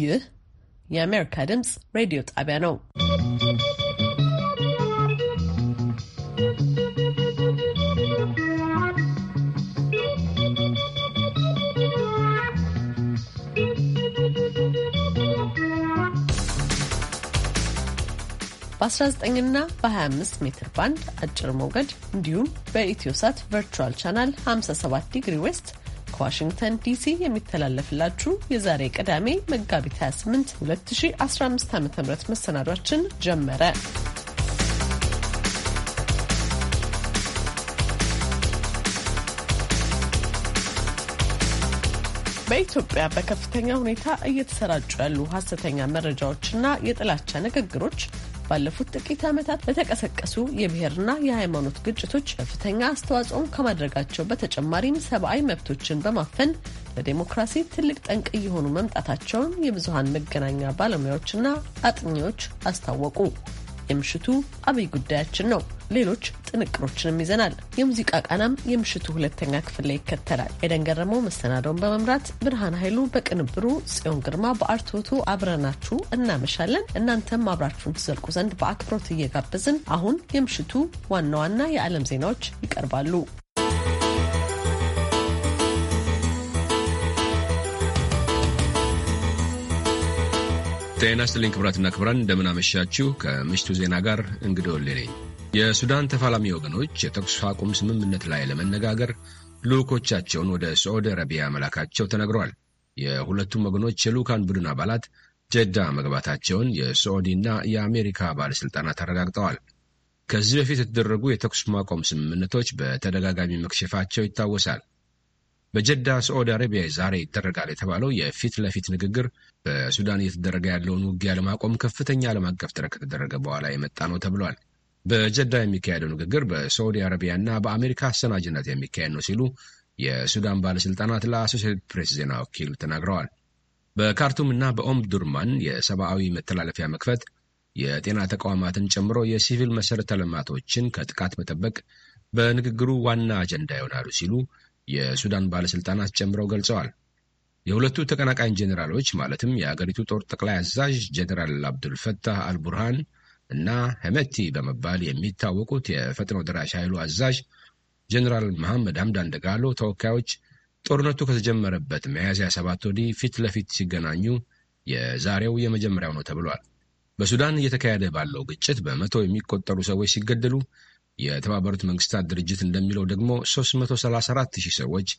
ይህ የአሜሪካ ድምፅ ሬዲዮ ጣቢያ ነው። በ19 እና በ25 ሜትር ባንድ አጭር ሞገድ እንዲሁም በኢትዮሳት ቨርቹዋል ቻናል 57 ዲግሪ ዌስት ከዋሽንግተን ዲሲ የሚተላለፍላችሁ የዛሬ ቅዳሜ መጋቢት 28 2015 ዓ ም መሰናዷችን ጀመረ። በኢትዮጵያ በከፍተኛ ሁኔታ እየተሰራጩ ያሉ ሀሰተኛ መረጃዎችና የጥላቻ ንግግሮች ባለፉት ጥቂት ዓመታት በተቀሰቀሱ የብሔርና የሃይማኖት ግጭቶች ከፍተኛ አስተዋጽኦም ከማድረጋቸው በተጨማሪም ሰብአዊ መብቶችን በማፈን ለዴሞክራሲ ትልቅ ጠንቅ እየሆኑ መምጣታቸውን የብዙሀን መገናኛ ባለሙያዎችና አጥኚዎች አስታወቁ። የምሽቱ አብይ ጉዳያችን ነው። ሌሎች ጥንቅሮችንም ይዘናል። የሙዚቃ ቃናም የምሽቱ ሁለተኛ ክፍል ላይ ይከተላል። ኤደን ገረመው በመምራት ብርሃን ኃይሉ በቅንብሩ፣ ጽዮን ግርማ በአርትዖቱ አብረናችሁ እናመሻለን። እናንተም አብራችሁን ትዘልቁ ዘንድ በአክብሮት እየጋበዝን አሁን የምሽቱ ዋና ዋና የዓለም ዜናዎች ይቀርባሉ። ጤና ይስጥልኝ ክቡራትና ክቡራን፣ እንደምናመሻችሁ። ከምሽቱ ዜና ጋር እንግዲህ ወሌ ነኝ። የሱዳን ተፋላሚ ወገኖች የተኩስ አቁም ስምምነት ላይ ለመነጋገር ልዑኮቻቸውን ወደ ሳዑዲ አረቢያ መላካቸው ተነግሯል። የሁለቱም ወገኖች የልዑካን ቡድን አባላት ጀዳ መግባታቸውን የሳዑዲና የአሜሪካ ባለሥልጣናት አረጋግጠዋል። ከዚህ በፊት የተደረጉ የተኩስ ማቆም ስምምነቶች በተደጋጋሚ መክሸፋቸው ይታወሳል። በጀዳ ሳዑዲ አረቢያ ዛሬ ይደረጋል የተባለው የፊት ለፊት ንግግር በሱዳን እየተደረገ ያለውን ውጊያ ለማቆም ከፍተኛ ዓለም አቀፍ ጥረት ከተደረገ በኋላ የመጣ ነው ተብሏል። በጀዳ የሚካሄደው ንግግር በሳዑዲ እና በአሜሪካ አሰናጅነት የሚካሄድ ነው ሲሉ የሱዳን ባለሥልጣናት ለአሶሴትድ ፕሬስ ዜና ወኪል ተናግረዋል። በካርቱም እና በኦምዱርማን የሰብአዊ መተላለፊያ መክፈት፣ የጤና ተቋማትን ጨምሮ የሲቪል መሠረተ ልማቶችን ከጥቃት መጠበቅ በንግግሩ ዋና አጀንዳ ይሆናሉ ሲሉ የሱዳን ባለሥልጣናት ጨምረው ገልጸዋል። የሁለቱ ተቀናቃኝ ጄኔራሎች ማለትም የአገሪቱ ጦር ጠቅላይ አዛዥ ጄኔራል አብዱልፈታህ አልቡርሃን እና ሄመቲ በመባል የሚታወቁት የፈጥኖ ደራሽ ኃይሉ አዛዥ ጀኔራል መሐመድ ሐምዳን ደጋሎ ተወካዮች ጦርነቱ ከተጀመረበት ሚያዝያ ሰባት ወዲህ ፊት ለፊት ሲገናኙ የዛሬው የመጀመሪያው ነው ተብሏል። በሱዳን እየተካሄደ ባለው ግጭት በመቶ የሚቆጠሩ ሰዎች ሲገደሉ የተባበሩት መንግስታት ድርጅት እንደሚለው ደግሞ 334 ሺህ ሰዎች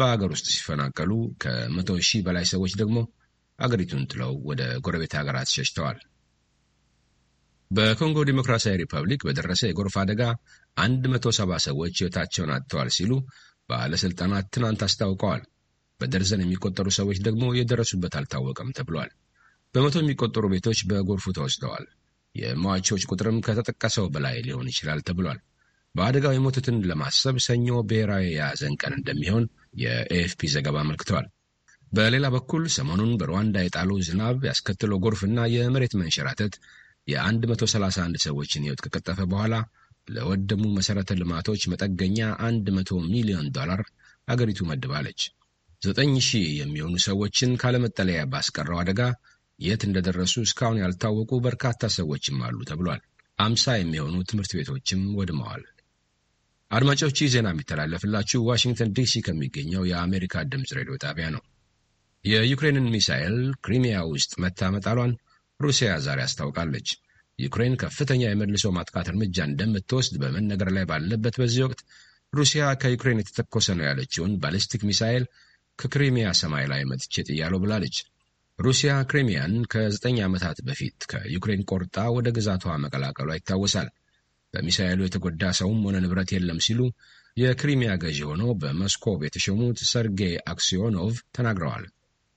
በአገር ውስጥ ሲፈናቀሉ ከመቶ ሺህ በላይ ሰዎች ደግሞ አገሪቱን ጥለው ወደ ጎረቤት ሀገራት ሸሽተዋል። በኮንጎ ዲሞክራሲያዊ ሪፐብሊክ በደረሰ የጎርፍ አደጋ 170 ሰዎች ሕይወታቸውን አጥተዋል ሲሉ ባለሥልጣናት ትናንት አስታውቀዋል። በደርዘን የሚቆጠሩ ሰዎች ደግሞ የደረሱበት አልታወቀም ተብሏል። በመቶ የሚቆጠሩ ቤቶች በጎርፉ ተወስደዋል። የሟቾች ቁጥርም ከተጠቀሰው በላይ ሊሆን ይችላል ተብሏል። በአደጋው የሞቱትን ለማሰብ ሰኞ ብሔራዊ የሐዘን ቀን እንደሚሆን የኤኤፍፒ ዘገባ አመልክተዋል። በሌላ በኩል ሰሞኑን በሩዋንዳ የጣሉ ዝናብ ያስከትለው ጎርፍና የመሬት መንሸራተት የ131 ሰዎችን ሕይወት ከቀጠፈ በኋላ ለወደሙ መሠረተ ልማቶች መጠገኛ 100 ሚሊዮን ዶላር አገሪቱ መድባለች። ዘጠኝ ሺህ የሚሆኑ ሰዎችን ካለመጠለያ ባስቀረው አደጋ የት እንደደረሱ እስካሁን ያልታወቁ በርካታ ሰዎችም አሉ ተብሏል። አምሳ የሚሆኑ ትምህርት ቤቶችም ወድመዋል። አድማጮች ዜና የሚተላለፍላችሁ ዋሽንግተን ዲሲ ከሚገኘው የአሜሪካ ድምፅ ሬዲዮ ጣቢያ ነው። የዩክሬንን ሚሳኤል ክሪሚያ ውስጥ መታመጣሏን ሩሲያ ዛሬ አስታውቃለች። ዩክሬን ከፍተኛ የመልሶ ማጥቃት እርምጃ እንደምትወስድ በመነገር ላይ ባለበት በዚህ ወቅት ሩሲያ ከዩክሬን የተተኮሰ ነው ያለችውን ባሊስቲክ ሚሳኤል ከክሪሚያ ሰማይ ላይ መትቼ ጥያለሁ ብላለች። ሩሲያ ክሪሚያን ከዘጠኝ ዓመታት በፊት ከዩክሬን ቆርጣ ወደ ግዛቷ መቀላቀሏ ይታወሳል። በሚሳኤሉ የተጎዳ ሰውም ሆነ ንብረት የለም ሲሉ የክሪሚያ ገዢ ሆነው በመስኮቭ የተሾሙት ሰርጌይ አክሲዮኖቭ ተናግረዋል።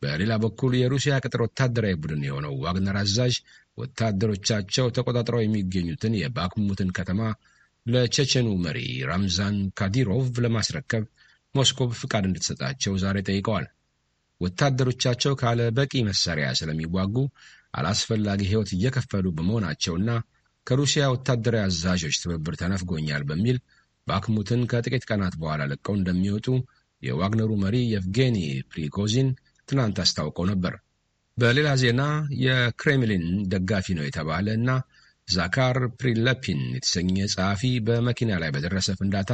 በሌላ በኩል የሩሲያ ቅጥር ወታደራዊ ቡድን የሆነው ዋግነር አዛዥ ወታደሮቻቸው ተቆጣጥረው የሚገኙትን የባክሙትን ከተማ ለቼቼኑ መሪ ራምዛን ካዲሮቭ ለማስረከብ ሞስኮቭ ፍቃድ እንድትሰጣቸው ዛሬ ጠይቀዋል። ወታደሮቻቸው ካለ በቂ መሳሪያ ስለሚዋጉ አላስፈላጊ ሕይወት እየከፈሉ በመሆናቸውና ከሩሲያ ወታደራዊ አዛዦች ትብብር ተነፍጎኛል በሚል ባክሙትን ከጥቂት ቀናት በኋላ ለቀው እንደሚወጡ የዋግነሩ መሪ የቭጌኒ ፕሪኮዚን ትናንት አስታውቀው ነበር። በሌላ ዜና የክሬምሊን ደጋፊ ነው የተባለ እና ዛካር ፕሪለፒን የተሰኘ ጸሐፊ በመኪና ላይ በደረሰ ፍንዳታ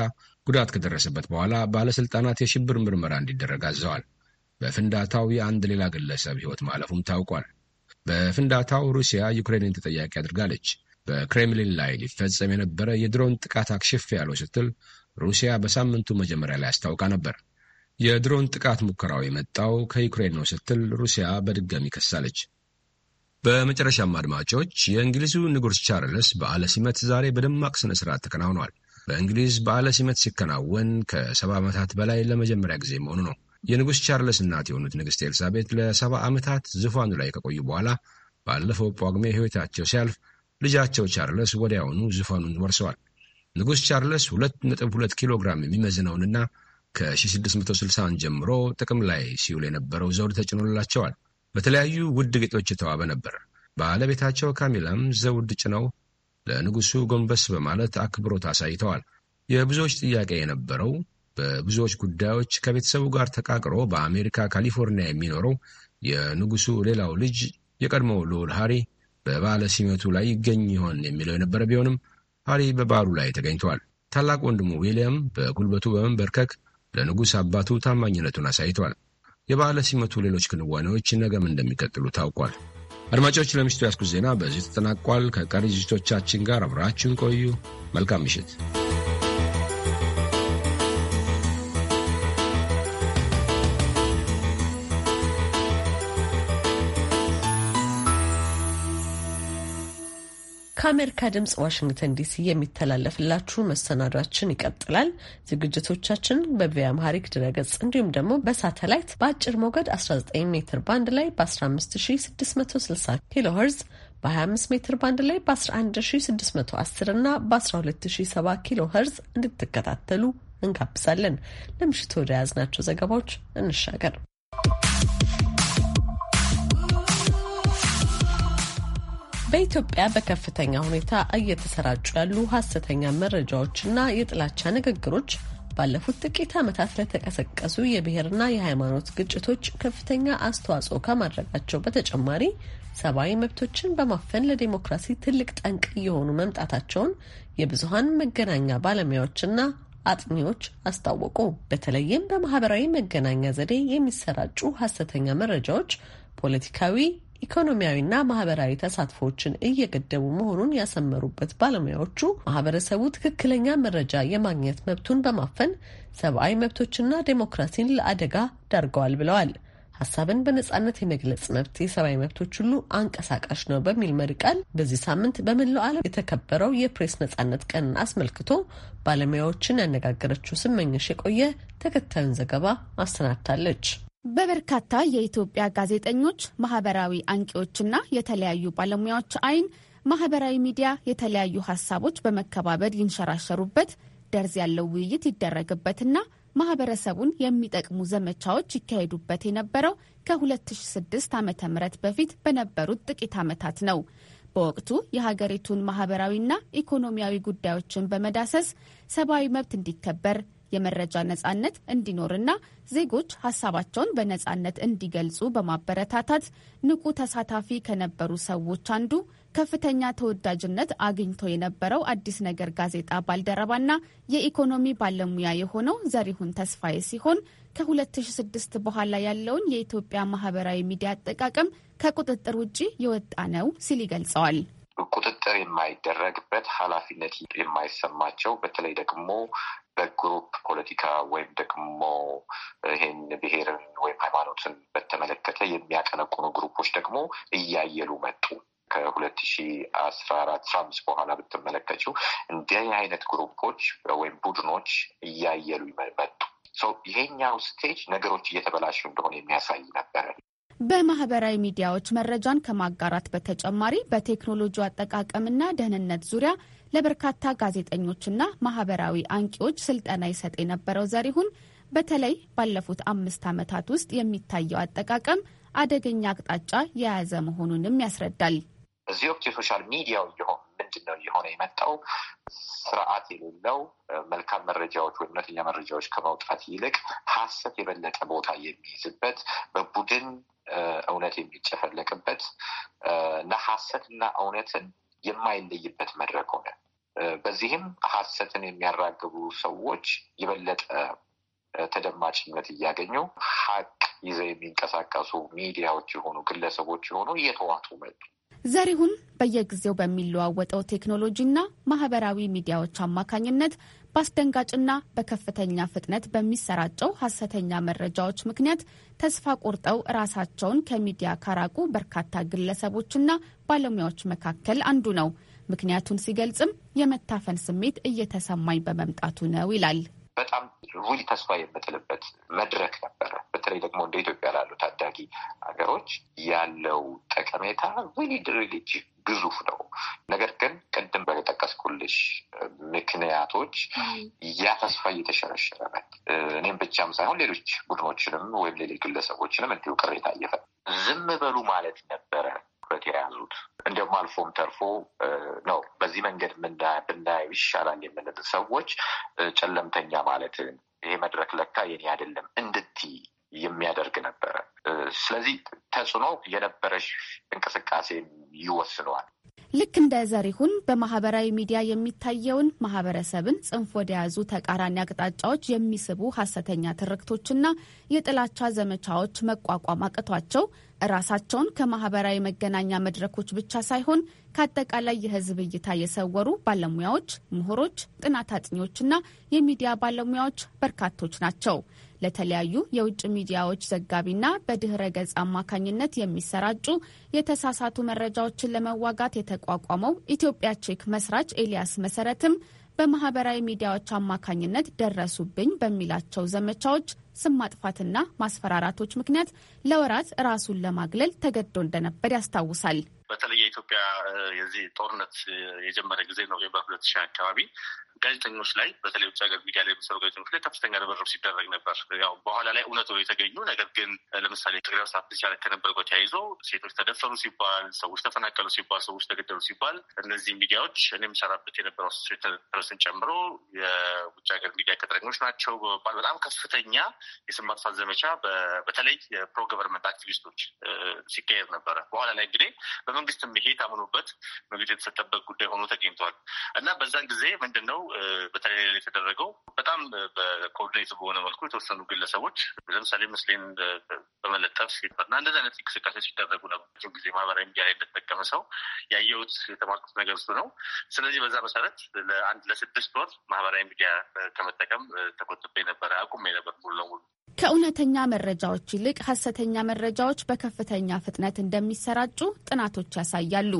ጉዳት ከደረሰበት በኋላ ባለሥልጣናት የሽብር ምርመራ እንዲደረግ አዘዋል። በፍንዳታው የአንድ ሌላ ግለሰብ ሕይወት ማለፉም ታውቋል። በፍንዳታው ሩሲያ ዩክሬንን ተጠያቂ አድርጋለች። በክሬምሊን ላይ ሊፈጸም የነበረ የድሮን ጥቃት አክሽፍ ያለው ስትል ሩሲያ በሳምንቱ መጀመሪያ ላይ አስታውቃ ነበር። የድሮን ጥቃት ሙከራው የመጣው ከዩክሬን ነው ስትል ሩሲያ በድጋሚ ከሳለች። በመጨረሻም አድማጮች የእንግሊዙ ንጉሥ ቻርልስ በዓለ ሲመት ዛሬ በደማቅ ስነ ስርዓት ተከናውኗል። በእንግሊዝ በዓለ ሲመት ሲከናወን ከሰባ ዓመታት በላይ ለመጀመሪያ ጊዜ መሆኑ ነው። የንጉሥ ቻርለስ እናት የሆኑት ንግሥት ኤልሳቤት ለሰባ ዓመታት ዙፋኑ ላይ ከቆዩ በኋላ ባለፈው ጳጉሜ ሕይወታቸው ሲያልፍ ልጃቸው ቻርለስ ወዲያውኑ ዙፋኑን ወርሰዋል። ንጉሥ ቻርለስ 2.2 ኪሎ ግራም የሚመዝነውንና ከ1661 ጀምሮ ጥቅም ላይ ሲውል የነበረው ዘውድ ተጭኖላቸዋል። በተለያዩ ውድ ጌጦች የተዋበ ነበር። ባለቤታቸው ካሚላም ዘውድ ጭነው ለንጉሡ ጎንበስ በማለት አክብሮት አሳይተዋል። የብዙዎች ጥያቄ የነበረው በብዙዎች ጉዳዮች ከቤተሰቡ ጋር ተቃቅሮ በአሜሪካ ካሊፎርኒያ የሚኖረው የንጉሱ ሌላው ልጅ የቀድሞው ልዑል ሃሪ በባለ ሲመቱ ላይ ይገኝ ይሆን የሚለው የነበረ ቢሆንም ሃሪ በበዓሉ ላይ ተገኝተዋል። ታላቅ ወንድሙ ዊልያም በጉልበቱ በመንበርከክ ለንጉሥ አባቱ ታማኝነቱን አሳይቷል። የባለ ሲመቱ ሌሎች ክንዋኔዎች ነገም እንደሚቀጥሉ ታውቋል። አድማጮች፣ ለምሽቱ ያስኩት ዜና በዚህ ተጠናቋል። ከቀሪ ዝግጅቶቻችን ጋር አብራችሁን ቆዩ። መልካም ምሽት። ከአሜሪካ ድምጽ ዋሽንግተን ዲሲ የሚተላለፍላችሁ መሰናዷችን ይቀጥላል። ዝግጅቶቻችን በቪያ ማሪክ ድረገጽ እንዲሁም ደግሞ በሳተላይት በአጭር ሞገድ 19 ሜትር ባንድ ላይ በ15660 ኪሎ በ25 ሜትር ባንድ ላይ በ11610 እና በ12070 ኪሎ ኸርዝ እንድትከታተሉ እንጋብዛለን። ለምሽቱ ወደ ያዝናቸው ዘገባዎች እንሻገር። በኢትዮጵያ በከፍተኛ ሁኔታ እየተሰራጩ ያሉ ሀሰተኛ መረጃዎችና የጥላቻ ንግግሮች ባለፉት ጥቂት ዓመታት ለተቀሰቀሱ የብሔርና የሃይማኖት ግጭቶች ከፍተኛ አስተዋጽኦ ከማድረጋቸው በተጨማሪ ሰብአዊ መብቶችን በማፈን ለዲሞክራሲ ትልቅ ጠንቅ እየሆኑ መምጣታቸውን የብዙሀን መገናኛ ባለሙያዎችና አጥኚዎች አስታወቁ። በተለይም በማህበራዊ መገናኛ ዘዴ የሚሰራጩ ሀሰተኛ መረጃዎች ፖለቲካዊ ኢኮኖሚያዊና ማህበራዊ ተሳትፎዎችን እየገደቡ መሆኑን ያሰመሩበት ባለሙያዎቹ ማህበረሰቡ ትክክለኛ መረጃ የማግኘት መብቱን በማፈን ሰብአዊ መብቶችና ዴሞክራሲን ለአደጋ ዳርገዋል ብለዋል። ሀሳብን በነጻነት የመግለጽ መብት የሰብአዊ መብቶች ሁሉ አንቀሳቃሽ ነው በሚል መሪ ቃል በዚህ ሳምንት በመላው ዓለም የተከበረው የፕሬስ ነጻነት ቀንን አስመልክቶ ባለሙያዎችን ያነጋገረችው ስመኝሽ የቆየ ተከታዩን ዘገባ አሰናድታለች። በበርካታ የኢትዮጵያ ጋዜጠኞች፣ ማህበራዊ አንቂዎችና የተለያዩ ባለሙያዎች አይን ማህበራዊ ሚዲያ የተለያዩ ሀሳቦች በመከባበር ይንሸራሸሩበት፣ ደርዝ ያለው ውይይት ይደረግበትና ማህበረሰቡን የሚጠቅሙ ዘመቻዎች ይካሄዱበት የነበረው ከ2006 ም በፊት በነበሩት ጥቂት ዓመታት ነው። በወቅቱ የሀገሪቱን ማህበራዊና ኢኮኖሚያዊ ጉዳዮችን በመዳሰስ ሰብአዊ መብት እንዲከበር የመረጃ ነጻነት እንዲኖርና ዜጎች ሀሳባቸውን በነጻነት እንዲገልጹ በማበረታታት ንቁ ተሳታፊ ከነበሩ ሰዎች አንዱ ከፍተኛ ተወዳጅነት አግኝቶ የነበረው አዲስ ነገር ጋዜጣ ባልደረባና የኢኮኖሚ ባለሙያ የሆነው ዘሪሁን ተስፋዬ ሲሆን ከ2006 በኋላ ያለውን የኢትዮጵያ ማህበራዊ ሚዲያ አጠቃቀም ከቁጥጥር ውጭ የወጣ ነው ሲል ይገልጸዋል። ቁጥጥር የማይደረግበት ኃላፊነት የማይሰማቸው በተለይ ደግሞ በግሩፕ ፖለቲካ ወይም ደግሞ ይሄን ብሔርን ወይም ሃይማኖትን በተመለከተ የሚያቀነቁኑ ግሩፖች ደግሞ እያየሉ መጡ። ከሁለት ሺ አስራ አራት አስራ አምስት በኋላ ብትመለከችው እንዲህ አይነት ግሩፖች ወይም ቡድኖች እያየሉ መጡ። ይሄኛው ስቴጅ ነገሮች እየተበላሹ እንደሆነ የሚያሳይ ነበረ። በማህበራዊ ሚዲያዎች መረጃን ከማጋራት በተጨማሪ በቴክኖሎጂ አጠቃቀምና ደህንነት ዙሪያ ለበርካታ ጋዜጠኞችና ማህበራዊ አንቂዎች ስልጠና ይሰጥ የነበረው ዘሪሁን በተለይ ባለፉት አምስት ዓመታት ውስጥ የሚታየው አጠቃቀም አደገኛ አቅጣጫ የያዘ መሆኑንም ያስረዳል። በዚህ ወቅት የሶሻል ሚዲያው እየሆነ ምንድን ነው እየሆነ የመጣው ስርዓት የሌለው መልካም መረጃዎች ወይም እውነተኛ መረጃዎች ከማውጣት ይልቅ ሀሰት የበለጠ ቦታ የሚይዝበት በቡድን እውነት የሚጨፈለቅበት እና ሀሰትና እውነትን የማይለይበት መድረክ ሆነ። በዚህም ሀሰትን የሚያራግቡ ሰዎች የበለጠ ተደማጭነት እያገኙ ሀቅ ይዘው የሚንቀሳቀሱ ሚዲያዎች የሆኑ ግለሰቦች የሆኑ እየተዋጡ መጡ። ዘሪሁን በየጊዜው በሚለዋወጠው ቴክኖሎጂና ማህበራዊ ሚዲያዎች አማካኝነት በአስደንጋጭና በከፍተኛ ፍጥነት በሚሰራጨው ሀሰተኛ መረጃዎች ምክንያት ተስፋ ቆርጠው ራሳቸውን ከሚዲያ ካራቁ በርካታ ግለሰቦችና ባለሙያዎች መካከል አንዱ ነው። ምክንያቱን ሲገልጽም የመታፈን ስሜት እየተሰማኝ በመምጣቱ ነው ይላል። በጣም ሩል ተስፋ የምጥልበት መድረክ ነበረ። በተለይ ደግሞ እንደ ኢትዮጵያ ላሉ ታዳጊ ሀገሮች ያለው ጠቀሜታ ሪሊ ሪሊ ግዙፍ ነው። ነገር ግን ቅድም በጠቀስኩልሽ ምክንያቶች ያ ተስፋ እየተሸረሸረ እኔም ብቻም ሳይሆን ሌሎች ቡድኖችንም ወይም ሌሎች ግለሰቦችንም እንዲሁ ቅሬታ እየፈ ዝም በሉ ማለት ነበረ አልፎም ተርፎ ነው። በዚህ መንገድ ብናየው ይሻላል የምንል ሰዎች ጨለምተኛ ማለት ይሄ መድረክ ለካ የኔ አይደለም እንድቲ የሚያደርግ ነበረ። ስለዚህ ተጽዕኖ የነበረሽ እንቅስቃሴ ይወስነዋል። ልክ እንደ ዘሪሁን በማህበራዊ ሚዲያ የሚታየውን ማህበረሰብን ጽንፍ ወደያዙ ተቃራኒ አቅጣጫዎች የሚስቡ ሀሰተኛ ትርክቶችና የጥላቻ ዘመቻዎች መቋቋም አቅቷቸው ራሳቸውን ከማህበራዊ መገናኛ መድረኮች ብቻ ሳይሆን ከአጠቃላይ የህዝብ እይታ የሰወሩ ባለሙያዎች፣ ምሁሮች፣ ጥናት አጥኚዎችና የሚዲያ ባለሙያዎች በርካቶች ናቸው። ለተለያዩ የውጭ ሚዲያዎች ዘጋቢና በድህረ ገጽ አማካኝነት የሚሰራጩ የተሳሳቱ መረጃዎችን ለመዋጋት የተቋቋመው ኢትዮጵያ ቼክ መስራች ኤልያስ መሰረትም በማህበራዊ ሚዲያዎች አማካኝነት ደረሱብኝ በሚላቸው ዘመቻዎች ስም ማጥፋትና ማስፈራራቶች ምክንያት ለወራት ራሱን ለማግለል ተገዶ እንደነበር ያስታውሳል። በተለይ የኢትዮጵያ የዚህ ጦርነት የጀመረ ጊዜ ኖቬምበር ሁለት ሺህ አካባቢ ጋዜጠኞች ላይ በተለይ ውጭ ሀገር ሚዲያ ላይ የሚሰሩ ጋዜጠኞች ላይ ከፍተኛ ርብርብ ሲደረግ ነበር። ያው በኋላ ላይ እውነት ሆኖ የተገኙ ነገር ግን ለምሳሌ ትግራይ ውስጥ አትቻለ ከነበር ጋር ተያይዞ ሴቶች ተደፈሩ ሲባል፣ ሰዎች ተፈናቀሉ ሲባል፣ ሰዎች ተገደሉ ሲባል እነዚህ ሚዲያዎች እኔ የምሰራበት የነበረው አሶሴትድ ፕሬስን ጨምሮ የውጭ ሀገር ሚዲያ ቅጥረኞች ናቸው በመባል በጣም ከፍተኛ የስም ማጥፋት ዘመቻ በተለይ የፕሮ ገቨርንመንት አክቲቪስቶች ሲካሄድ ነበረ። በኋላ ላይ እንግዲህ በመንግስት መሄድ አምኖበት መግለጫ የተሰጠበት ጉዳይ ሆኖ ተገኝተዋል እና በዛን ጊዜ ምንድን ነው በተለይ የተደረገው በጣም በኮኦርዲኔት በሆነ መልኩ የተወሰኑ ግለሰቦች ለምሳሌ ምስሌን በመለጠፍ እና እንደዚህ አይነት እንቅስቃሴ ሲደረጉ ነበር። ብዙ ጊዜ ማህበራዊ ሚዲያ ላይ እንደተጠቀመ ሰው ያየሁት የተማርኩት ነገር እሱ ነው። ስለዚህ በዛ መሰረት ለአንድ ለስድስት ወር ማህበራዊ ሚዲያ ከመጠቀም ተቆጥቤ ነበረ፣ አቁሜ ነበር ሙሉ ለሙሉ። ከእውነተኛ መረጃዎች ይልቅ ሀሰተኛ መረጃዎች በከፍተኛ ፍጥነት እንደሚሰራጩ ጥናቶች ያሳያሉ።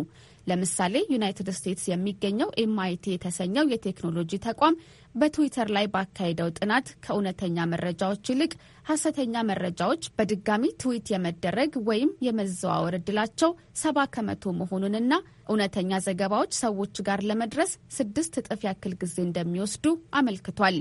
ለምሳሌ ዩናይትድ ስቴትስ የሚገኘው ኤምአይቲ የተሰኘው የቴክኖሎጂ ተቋም በትዊተር ላይ ባካሄደው ጥናት ከእውነተኛ መረጃዎች ይልቅ ሀሰተኛ መረጃዎች በድጋሚ ትዊት የመደረግ ወይም የመዘዋወር እድላቸው ሰባ ከመቶ መሆኑንና እውነተኛ ዘገባዎች ሰዎች ጋር ለመድረስ ስድስት እጥፍ ያክል ጊዜ እንደሚወስዱ አመልክቷል።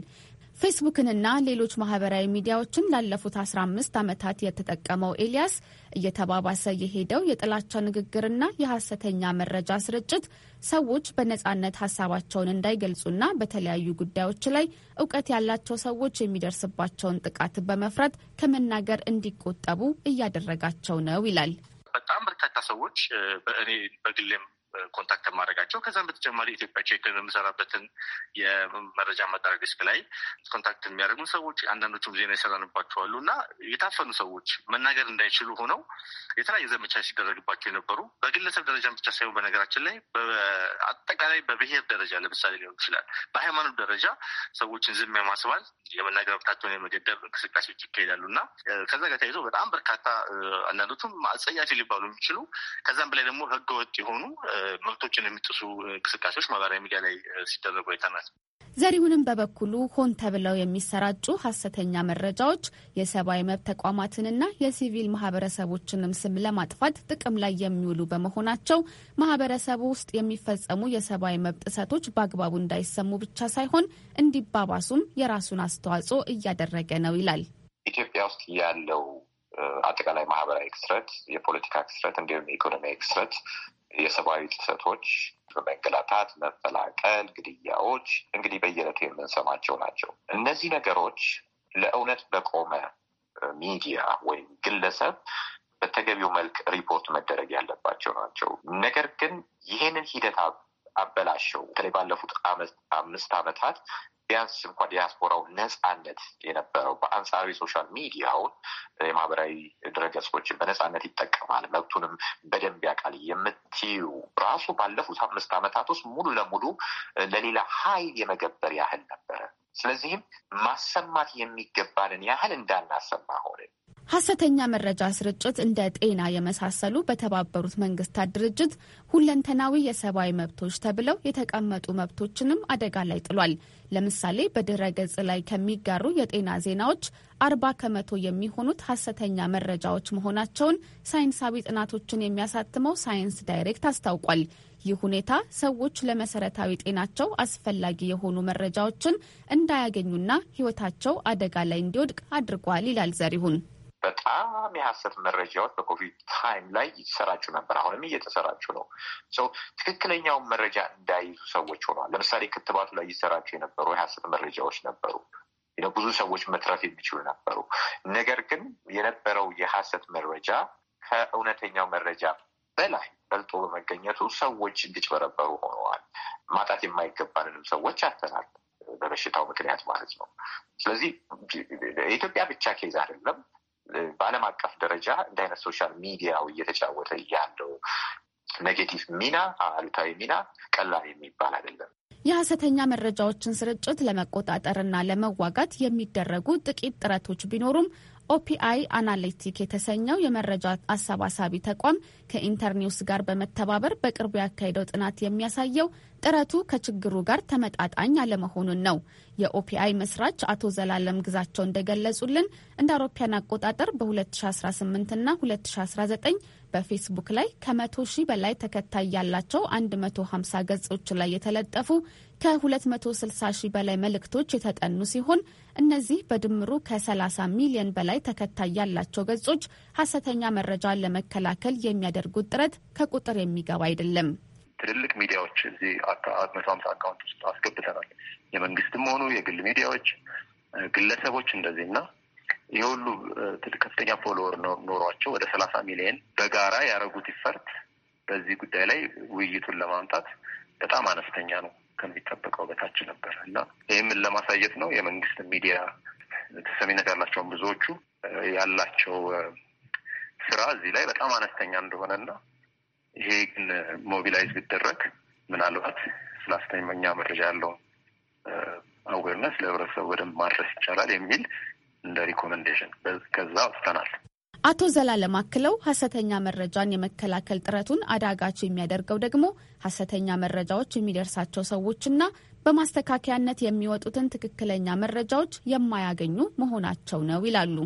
ፌስቡክንና ሌሎች ማህበራዊ ሚዲያዎችን ላለፉት 15 ዓመታት የተጠቀመው ኤልያስ እየተባባሰ የሄደው የጥላቻ ንግግርና የሐሰተኛ መረጃ ስርጭት ሰዎች በነጻነት ሀሳባቸውን እንዳይገልጹና በተለያዩ ጉዳዮች ላይ እውቀት ያላቸው ሰዎች የሚደርስባቸውን ጥቃት በመፍራት ከመናገር እንዲቆጠቡ እያደረጋቸው ነው ይላል። በጣም በርካታ ሰዎች በእኔ በግሌም ኮንታክት ማድረጋቸው ከዛም በተጨማሪ ኢትዮጵያ ቼክ የምሰራበትን የመረጃ ማጣሪያ ዴስክ ላይ ኮንታክት የሚያደርጉ ሰዎች አንዳንዶቹም ዜና የሰራንባቸው አሉ እና የታፈኑ ሰዎች መናገር እንዳይችሉ ሆነው የተለያየ ዘመቻ ሲደረግባቸው የነበሩ በግለሰብ ደረጃ ብቻ ሳይሆን በነገራችን ላይ አጠቃላይ በብሔር ደረጃ ለምሳሌ ሊሆን ይችላል፣ በሃይማኖት ደረጃ ሰዎችን ዝም የማስባል የመናገር መብታቸውን የመገደብ እንቅስቃሴዎች ይካሄዳሉ እና ከዛ ጋር ተያይዞ በጣም በርካታ አንዳንዶቹም አጸያፊ ሊባሉ የሚችሉ ከዛም በላይ ደግሞ ህገወጥ የሆኑ መብቶችን የሚጥሱ እንቅስቃሴዎች ማህበራዊ ሚዲያ ላይ ሲደረጉ አይተናል። ዘሪሁንም በበኩሉ ሆን ተብለው የሚሰራጩ ሀሰተኛ መረጃዎች የሰብአዊ መብት ተቋማትንና የሲቪል ማህበረሰቦችንም ስም ለማጥፋት ጥቅም ላይ የሚውሉ በመሆናቸው ማህበረሰቡ ውስጥ የሚፈጸሙ የሰብአዊ መብት ጥሰቶች በአግባቡ እንዳይሰሙ ብቻ ሳይሆን እንዲባባሱም የራሱን አስተዋጽኦ እያደረገ ነው ይላል። ኢትዮጵያ ውስጥ ያለው አጠቃላይ ማህበራዊ ክስረት፣ የፖለቲካ ክስረት እንዲሁም የኢኮኖሚያዊ ክስረት የሰብአዊ ጥሰቶች በመንገላታት፣ መፈላቀል፣ ግድያዎች እንግዲህ በየለቱ የምንሰማቸው ናቸው። እነዚህ ነገሮች ለእውነት በቆመ ሚዲያ ወይም ግለሰብ በተገቢው መልክ ሪፖርት መደረግ ያለባቸው ናቸው። ነገር ግን ይህንን ሂደት አበላሸው። በተለይ ባለፉት አምስት ዓመታት ቢያንስ እንኳ ዲያስፖራው ነፃነት የነበረው በአንጻሩ ሶሻል ሚዲያውን የማህበራዊ ድረገጾችን በነፃነት ይጠቀማል፣ መብቱንም በደንብ ያውቃል የምትዩ ራሱ ባለፉት አምስት ዓመታት ውስጥ ሙሉ ለሙሉ ለሌላ ሀይል የመገበር ያህል ነበረ። ስለዚህም ማሰማት የሚገባንን ያህል እንዳናሰማ ሆነ። ሐሰተኛ መረጃ ስርጭት እንደ ጤና የመሳሰሉ በተባበሩት መንግስታት ድርጅት ሁለንተናዊ የሰብአዊ መብቶች ተብለው የተቀመጡ መብቶችንም አደጋ ላይ ጥሏል። ለምሳሌ በድረ ገጽ ላይ ከሚጋሩ የጤና ዜናዎች አርባ ከመቶ የሚሆኑት ሐሰተኛ መረጃዎች መሆናቸውን ሳይንሳዊ ጥናቶችን የሚያሳትመው ሳይንስ ዳይሬክት አስታውቋል። ይህ ሁኔታ ሰዎች ለመሰረታዊ ጤናቸው አስፈላጊ የሆኑ መረጃዎችን እንዳያገኙና ሕይወታቸው አደጋ ላይ እንዲወድቅ አድርጓል ይላል ዘሪሁን። በጣም የሀሰት መረጃዎች በኮቪድ ታይም ላይ ይሰራጩ ነበር። አሁንም እየተሰራጩ ነው። ሰው ትክክለኛውን መረጃ እንዳይዙ ሰዎች ሆኗል። ለምሳሌ ክትባቱ ላይ ይሰራጩ የነበሩ የሀሰት መረጃዎች ነበሩ። ብዙ ሰዎች መትረፍ የሚችሉ ነበሩ። ነገር ግን የነበረው የሀሰት መረጃ ከእውነተኛው መረጃ በላይ በልጦ በመገኘቱ ሰዎች እንዲጭበረበሩ ሆነዋል። ማጣት የማይገባንንም ሰዎች አተናል በበሽታው ምክንያት ማለት ነው። ስለዚህ የኢትዮጵያ ብቻ ኬዝ አይደለም። በዓለም አቀፍ ደረጃ እንደ አይነት ሶሻል ሚዲያው እየተጫወተ ያለው ኔጌቲቭ ሚና አሉታዊ ሚና ቀላል የሚባል አይደለም። የሐሰተኛ መረጃዎችን ስርጭት ለመቆጣጠርና ለመዋጋት የሚደረጉ ጥቂት ጥረቶች ቢኖሩም ኦፒአይ አናሊቲክ የተሰኘው የመረጃ አሰባሳቢ ተቋም ከኢንተርኒውስ ጋር በመተባበር በቅርቡ ያካሄደው ጥናት የሚያሳየው ጥረቱ ከችግሩ ጋር ተመጣጣኝ አለመሆኑን ነው። የኦፒአይ መስራች አቶ ዘላለም ግዛቸው እንደገለጹልን እንደ አውሮፓያን አቆጣጠር በ2018ና 2019 በፌስቡክ ላይ ከመቶ ሺህ በላይ ተከታይ ያላቸው 150 ገጾች ላይ የተለጠፉ ከ260 ሺህ በላይ መልእክቶች የተጠኑ ሲሆን እነዚህ በድምሩ ከ30 ሚሊዮን በላይ ተከታይ ያላቸው ገጾች ሀሰተኛ መረጃ ለመከላከል የሚያደርጉት ጥረት ከቁጥር የሚገባ አይደለም። ትልልቅ ሚዲያዎች እዚህ መቶ ሀምሳ አካውንት ውስጥ አስገብተናል። የመንግስትም ሆኑ የግል ሚዲያዎች፣ ግለሰቦች እንደዚህ እና የሁሉ ከፍተኛ ፎሎወር ኖሯቸው ወደ ሰላሳ ሚሊየን በጋራ ያደረጉት ይፈርት በዚህ ጉዳይ ላይ ውይይቱን ለማምጣት በጣም አነስተኛ ነው፣ ከሚጠበቀው በታች ነበር እና ይህ ለማሳየት ነው? የመንግስት ሚዲያ ተሰሚነት ያላቸውን ብዙዎቹ ያላቸው ስራ እዚህ ላይ በጣም አነስተኛ እንደሆነና ይሄ ግን ሞቢላይዝ ቢደረግ ምናልባት ስለ አስተኛ መረጃ ያለው አዌርነስ ለህብረተሰቡ በደንብ ማድረስ ይቻላል የሚል እንደ ሪኮመንዴሽን ከዛ ወስደናል። አቶ ዘላለም አክለው ሀሰተኛ መረጃን የመከላከል ጥረቱን አዳጋች የሚያደርገው ደግሞ ሀሰተኛ መረጃዎች የሚደርሳቸው ሰዎችና በማስተካከያነት የሚወጡትን ትክክለኛ መረጃዎች የማያገኙ መሆናቸው ነው ይላሉ።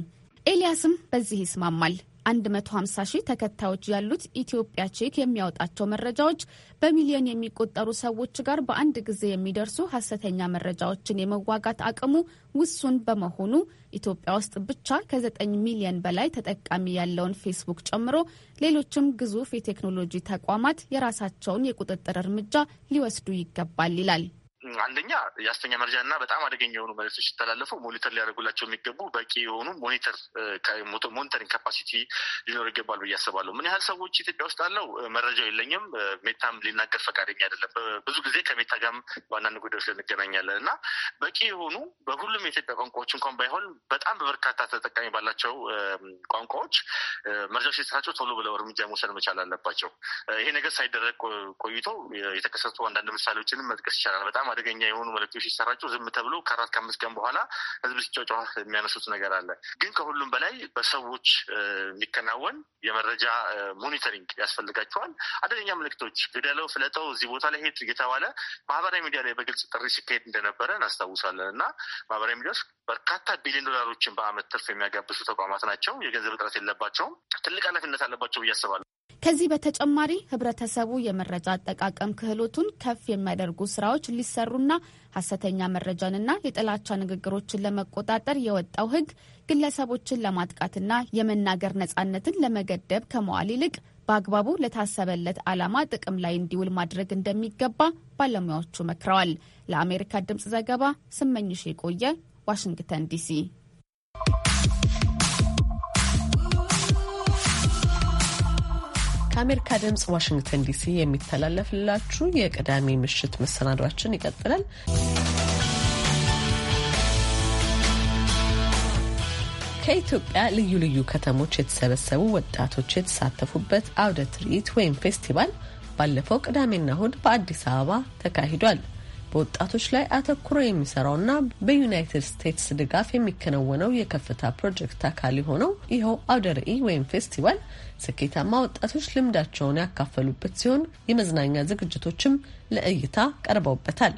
ኤልያስም በዚህ ይስማማል። 150 ሺህ ተከታዮች ያሉት ኢትዮጵያ ቼክ የሚያወጣቸው መረጃዎች በሚሊዮን የሚቆጠሩ ሰዎች ጋር በአንድ ጊዜ የሚደርሱ ሀሰተኛ መረጃዎችን የመዋጋት አቅሙ ውሱን በመሆኑ ኢትዮጵያ ውስጥ ብቻ ከ9 ሚሊዮን በላይ ተጠቃሚ ያለውን ፌስቡክ ጨምሮ ሌሎችም ግዙፍ የቴክኖሎጂ ተቋማት የራሳቸውን የቁጥጥር እርምጃ ሊወስዱ ይገባል ይላል። አንደኛ የአስተኛ መረጃ እና በጣም አደገኛ የሆኑ መልእክቶች ሲተላለፉ ሞኒተር ሊያደርጉላቸው የሚገቡ በቂ የሆኑ ሞኒተር ሞኒተሪንግ ካፓሲቲ ሊኖር ይገባል ብዬ አስባለሁ። ምን ያህል ሰዎች ኢትዮጵያ ውስጥ አለው መረጃው የለኝም። ሜታም ሊናገር ፈቃደኛ አይደለም። ብዙ ጊዜ ከሜታ ጋርም በአንዳንድ ጉዳዮች ላይ እና በቂ የሆኑ በሁሉም የኢትዮጵያ ቋንቋዎች እንኳን ባይሆን በጣም በበርካታ ተጠቃሚ ባላቸው ቋንቋዎች መረጃዎች ሲሰራቸው ቶሎ ብለው እርምጃ መውሰድ መቻል አለባቸው። ይሄ ነገር ሳይደረግ ቆይቶ የተከሰቱ አንዳንድ ምሳሌዎችንም መጥቀስ ይቻላል በጣም አደገኛ የሆኑ መልክቶች ሲሰራጩ ዝም ተብሎ ከአራት ከአምስት ቀን በኋላ ህዝብ ሲጫጫ የሚያነሱት ነገር አለ። ግን ከሁሉም በላይ በሰዎች የሚከናወን የመረጃ ሞኒተሪንግ ያስፈልጋቸዋል። አደገኛ ምልክቶች ግደለው፣ ፍለጠው፣ እዚህ ቦታ ላይ ሄድ እየተባለ ማህበራዊ ሚዲያ ላይ በግልጽ ጥሪ ሲካሄድ እንደነበረ እናስታውሳለን እና ማህበራዊ ሚዲያዎች በርካታ ቢሊዮን ዶላሮችን በአመት ትርፍ የሚያጋብሱ ተቋማት ናቸው። የገንዘብ እጥረት የለባቸውም። ትልቅ ኃላፊነት አለባቸው ብዬ አስባለሁ። ከዚህ በተጨማሪ ህብረተሰቡ የመረጃ አጠቃቀም ክህሎቱን ከፍ የሚያደርጉ ስራዎች ሊሰሩና ሀሰተኛ መረጃንና የጥላቻ ንግግሮችን ለመቆጣጠር የወጣው ህግ ግለሰቦችን ለማጥቃትና የመናገር ነጻነትን ለመገደብ ከመዋል ይልቅ በአግባቡ ለታሰበለት ዓላማ ጥቅም ላይ እንዲውል ማድረግ እንደሚገባ ባለሙያዎቹ መክረዋል። ለአሜሪካ ድምፅ ዘገባ ስመኝሽ የቆየ ዋሽንግተን ዲሲ። ከአሜሪካ ድምፅ ዋሽንግተን ዲሲ የሚተላለፍላችሁ የቅዳሜ ምሽት መሰናዷችን ይቀጥላል። ከኢትዮጵያ ልዩ ልዩ ከተሞች የተሰበሰቡ ወጣቶች የተሳተፉበት አውደ ትርኢት ወይም ፌስቲቫል ባለፈው ቅዳሜና እሁድ በአዲስ አበባ ተካሂዷል። በወጣቶች ላይ አተኩሮ የሚሰራውና በዩናይትድ ስቴትስ ድጋፍ የሚከናወነው የከፍታ ፕሮጀክት አካል የሆነው ይኸው አውደ ርዕይ ወይም ፌስቲቫል ስኬታማ ወጣቶች ልምዳቸውን ያካፈሉበት ሲሆን የመዝናኛ ዝግጅቶችም ለእይታ ቀርበውበታል።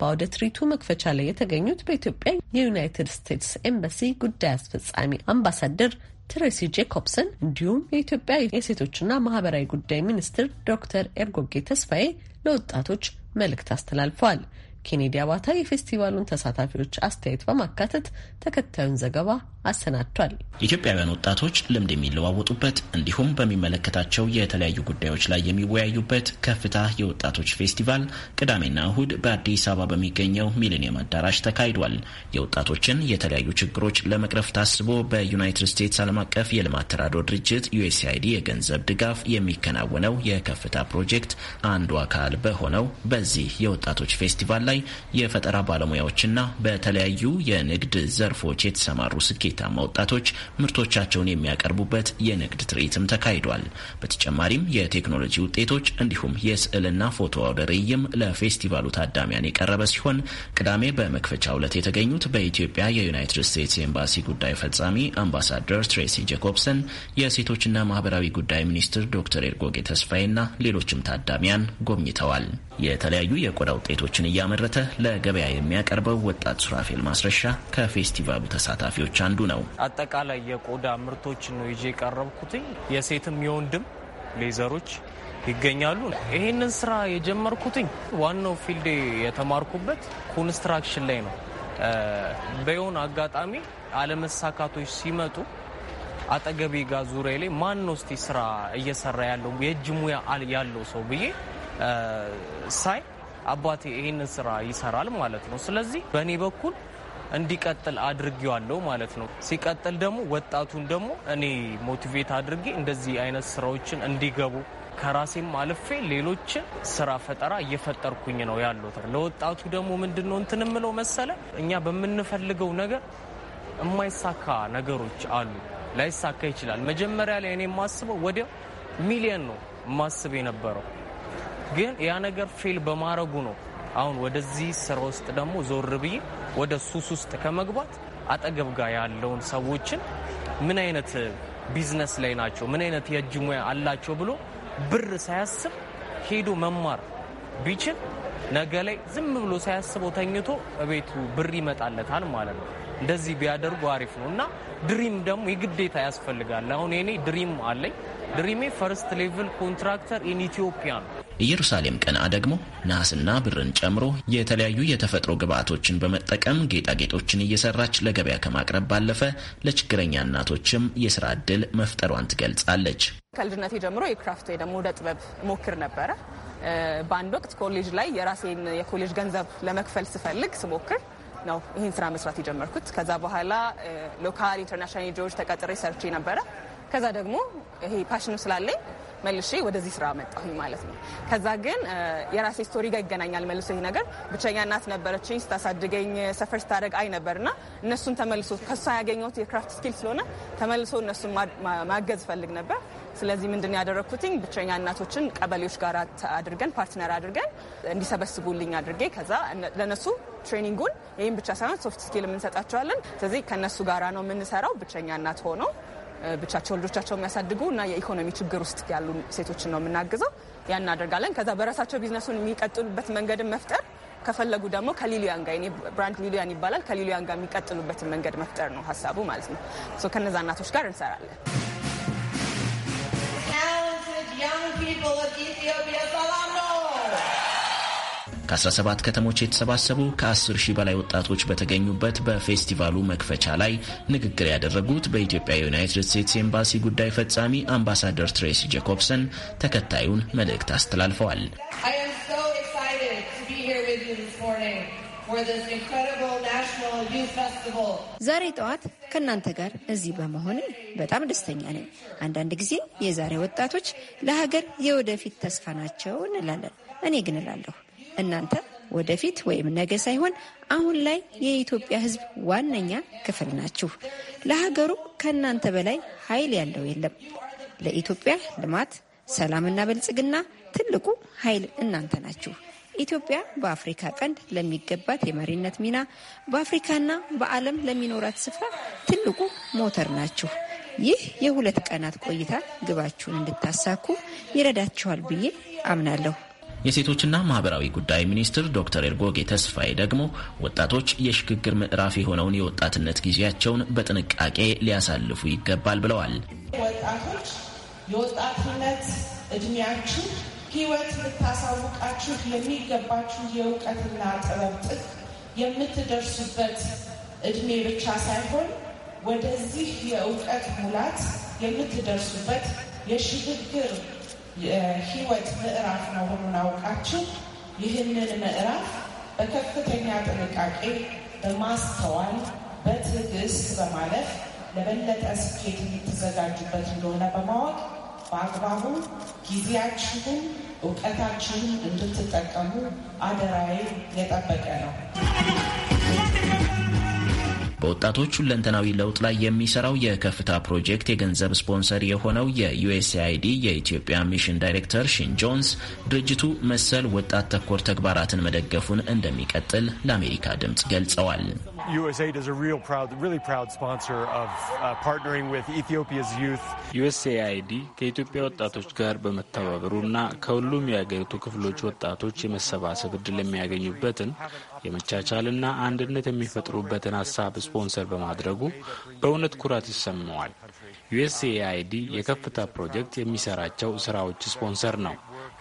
በአውደ ትሪቱ መክፈቻ ላይ የተገኙት በኢትዮጵያ የዩናይትድ ስቴትስ ኤምባሲ ጉዳይ አስፈጻሚ አምባሳደር ትሬሲ ጄኮብሰን እንዲሁም የኢትዮጵያ የሴቶችና ማህበራዊ ጉዳይ ሚኒስትር ዶክተር ኤርጎጌ ተስፋዬ ለወጣቶች መልእክት አስተላልፏል። ኬኔዲ አባታ የፌስቲቫሉን ተሳታፊዎች አስተያየት በማካተት ተከታዩን ዘገባ አሰናድቷል። ኢትዮጵያውያን ወጣቶች ልምድ የሚለዋወጡበት እንዲሁም በሚመለከታቸው የተለያዩ ጉዳዮች ላይ የሚወያዩበት ከፍታ የወጣቶች ፌስቲቫል ቅዳሜና እሁድ በአዲስ አበባ በሚገኘው ሚሊኒየም አዳራሽ ተካሂዷል። የወጣቶችን የተለያዩ ችግሮች ለመቅረፍ ታስቦ በዩናይትድ ስቴትስ ዓለም አቀፍ የልማት ተራድኦ ድርጅት ዩኤስአይዲ የገንዘብ ድጋፍ የሚከናወነው የከፍታ ፕሮጀክት አንዱ አካል በሆነው በዚህ የወጣቶች ፌስቲቫል ላይ ላይ የፈጠራ ባለሙያዎችና በተለያዩ የንግድ ዘርፎች የተሰማሩ ስኬታማ ወጣቶች ምርቶቻቸውን የሚያቀርቡበት የንግድ ትርኢትም ተካሂዷል። በተጨማሪም የቴክኖሎጂ ውጤቶች እንዲሁም የስዕልና ፎቶ አውደ ርዕይም ለፌስቲቫሉ ታዳሚያን የቀረበ ሲሆን ቅዳሜ በመክፈቻ ዕለት የተገኙት በኢትዮጵያ የዩናይትድ ስቴትስ ኤምባሲ ጉዳይ ፈጻሚ አምባሳደር ትሬሲ ጄኮብሰን የሴቶችና ማህበራዊ ጉዳይ ሚኒስትር ዶክተር ኤርጎጌ ተስፋዬና ሌሎችም ታዳሚያን ጎብኝተዋል። የተለያዩ የቆዳ ውጤቶችን እያመረ እየመሰረተ ለገበያ የሚያቀርበው ወጣት ሱራፌል ማስረሻ ከፌስቲቫሉ ተሳታፊዎች አንዱ ነው። አጠቃላይ የቆዳ ምርቶችን ነው ይዤ የቀረብኩትኝ። የሴትም የወንድም ሌዘሮች ይገኛሉ። ይህንን ስራ የጀመርኩትኝ ዋናው ፊልድ የተማርኩበት ኮንስትራክሽን ላይ ነው። በየሆን አጋጣሚ አለመሳካቶች ሲመጡ አጠገቤ ጋ ዙሪያ ላይ ማን ነው እስቲ ስራ እየሰራ ያለው የእጅ ሙያ ያለው ሰው ብዬ ሳይ አባቴ ይህን ስራ ይሰራል ማለት ነው። ስለዚህ በእኔ በኩል እንዲቀጥል አድርጌዋለሁ ማለት ነው። ሲቀጥል ደግሞ ወጣቱን ደግሞ እኔ ሞቲቬት አድርጌ እንደዚህ አይነት ስራዎችን እንዲገቡ ከራሴም አልፌ ሌሎችን ስራ ፈጠራ እየፈጠርኩኝ ነው ያሉት። ለወጣቱ ደግሞ ምንድን ነው እንትን መሰለ እኛ በምንፈልገው ነገር የማይሳካ ነገሮች አሉ፣ ላይሳካ ይችላል። መጀመሪያ ላይ እኔ የማስበው ወዲያው ሚሊየን ነው የማስብ የነበረው ግን ያ ነገር ፌል በማድረጉ ነው አሁን ወደዚህ ስራ ውስጥ ደግሞ ዞር ብዬ ወደ ሱስ ውስጥ ከመግባት አጠገብ ጋር ያለውን ሰዎችን ምን አይነት ቢዝነስ ላይ ናቸው፣ ምን አይነት የእጅ ሙያ አላቸው ብሎ ብር ሳያስብ ሄዶ መማር ቢችል ነገ ላይ ዝም ብሎ ሳያስበው ተኝቶ እቤቱ ብር ይመጣለታል ማለት ነው። እንደዚህ ቢያደርጉ አሪፍ ነው እና ድሪም ደግሞ የግዴታ ያስፈልጋል። አሁን የኔ ድሪም አለኝ። ድሪሜ ፈርስት ሌቭል ኮንትራክተር ኢን ኢትዮጵያ ነው። ኢየሩሳሌም ቀና ደግሞ ነሐስና ብርን ጨምሮ የተለያዩ የተፈጥሮ ግብዓቶችን በመጠቀም ጌጣጌጦችን እየሰራች ለገበያ ከማቅረብ ባለፈ ለችግረኛ እናቶችም የስራ እድል መፍጠሯን ትገልጻለች። ከልጅነቴ ጀምሮ የክራፍት ወይ ደግሞ ወደ ጥበብ ሞክር ነበረ። በአንድ ወቅት ኮሌጅ ላይ የራሴን የኮሌጅ ገንዘብ ለመክፈል ስፈልግ ስሞክር ነው ይህን ስራ መስራት የጀመርኩት። ከዛ በኋላ ሎካል ኢንተርናሽናል ኤንጂኦዎች ተቀጥሬ ሰርቼ ነበረ። ከዛ ደግሞ ይሄ ፓሽኑ ስላለኝ መልሼ ወደዚህ ስራ መጣሁኝ ማለት ነው። ከዛ ግን የራሴ ስቶሪ ጋር ይገናኛል መልሶ ይህ ነገር ብቸኛ እናት ነበረችኝ ስታሳድገኝ ሰፈር ስታደረግ አይ ነበርና እነሱን ተመልሶ ከሷ ያገኘሁት የክራፍት ስኪል ስለሆነ ተመልሶ እነሱን ማገዝ ፈልግ ነበር። ስለዚህ ምንድን ያደረግኩትኝ ብቸኛ እናቶችን ቀበሌዎች ጋር አድርገን ፓርትነር አድርገን እንዲሰበስቡልኝ አድርጌ ከዛ ለነሱ ትሬኒንጉን ይህም ብቻ ሳይሆን ሶፍት ስኪል የምንሰጣቸዋለን። ስለዚህ ከእነሱ ጋራ ነው የምንሰራው ብቸኛ እናት ሆነው ብቻቸውን ልጆቻቸው የሚያሳድጉ እና የኢኮኖሚ ችግር ውስጥ ያሉ ሴቶችን ነው የምናግዘው። ያን እናደርጋለን። ከዛ በራሳቸው ቢዝነሱን የሚቀጥሉበት መንገድን መፍጠር ከፈለጉ ደግሞ ከሊሉያን ጋር እኔ ብራንድ ሊሉያን ይባላል ከሊሉያን ጋር የሚቀጥሉበትን መንገድ መፍጠር ነው ሀሳቡ ማለት ነው። ከነዛ እናቶች ጋር እንሰራለን። ከ17 ከተሞች የተሰባሰቡ ከ10 ሺህ በላይ ወጣቶች በተገኙበት በፌስቲቫሉ መክፈቻ ላይ ንግግር ያደረጉት በኢትዮጵያ ዩናይትድ ስቴትስ ኤምባሲ ጉዳይ ፈጻሚ አምባሳደር ትሬሲ ጄኮብሰን ተከታዩን መልእክት አስተላልፈዋል። ዛሬ ጠዋት ከእናንተ ጋር እዚህ በመሆን በጣም ደስተኛ ነኝ። አንዳንድ ጊዜ የዛሬ ወጣቶች ለሀገር የወደፊት ተስፋ ናቸው እንላለን። እኔ ግን እላለሁ እናንተ ወደፊት ወይም ነገ ሳይሆን አሁን ላይ የኢትዮጵያ ሕዝብ ዋነኛ ክፍል ናችሁ። ለሀገሩ ከእናንተ በላይ ኃይል ያለው የለም። ለኢትዮጵያ ልማት፣ ሰላምና ብልጽግና ትልቁ ኃይል እናንተ ናችሁ። ኢትዮጵያ በአፍሪካ ቀንድ ለሚገባት የመሪነት ሚና በአፍሪካና በዓለም ለሚኖራት ስፍራ ትልቁ ሞተር ናችሁ። ይህ የሁለት ቀናት ቆይታ ግባችሁን እንድታሳኩ ይረዳችኋል ብዬ አምናለሁ። የሴቶችና ማህበራዊ ጉዳይ ሚኒስትር ዶክተር ኤርጎጌ ተስፋዬ ደግሞ ወጣቶች የሽግግር ምዕራፍ የሆነውን የወጣትነት ጊዜያቸውን በጥንቃቄ ሊያሳልፉ ይገባል ብለዋል። ወጣቶች የወጣትነት እድሜያችሁ ህይወት ልታሳውቃችሁ የሚገባችሁ የእውቀትና ጥበብ ጥግ የምትደርሱበት እድሜ ብቻ ሳይሆን ወደዚህ የእውቀት ሙላት የምትደርሱበት የሽግግር የህይወት ምዕራፍ ነው ብሉን አውቃችሁ ይህንን ምዕራፍ በከፍተኛ ጥንቃቄ በማስተዋል በትዕግስት በማለፍ ለበለጠ ስኬት የምትዘጋጁበት እንደሆነ በማወቅ በአግባቡ ጊዜያችሁን፣ እውቀታችሁን እንድትጠቀሙ አደራዬ የጠበቀ ነው። በወጣቶች ሁለንተናዊ ለውጥ ላይ የሚሰራው የከፍታ ፕሮጀክት የገንዘብ ስፖንሰር የሆነው የዩኤስአይዲ የኢትዮጵያ ሚሽን ዳይሬክተር ሺን ጆንስ ድርጅቱ መሰል ወጣት ተኮር ተግባራትን መደገፉን እንደሚቀጥል ለአሜሪካ ድምፅ ገልጸዋል። uh, ዩኤስአይዲ ከኢትዮጵያ ወጣቶች ጋር በመተባበሩና ከሁሉም የአገሪቱ ክፍሎች ወጣቶች የመሰባሰብ እድል የሚያገኙበትን የመቻቻልና አንድነት የሚፈጥሩበትን ሀሳብ ስፖንሰር በማድረጉ በእውነት ኩራት ይሰማዋል። ዩኤስኤአይዲ የከፍታ ፕሮጀክት የሚሰራቸው ስራዎች ስፖንሰር ነው።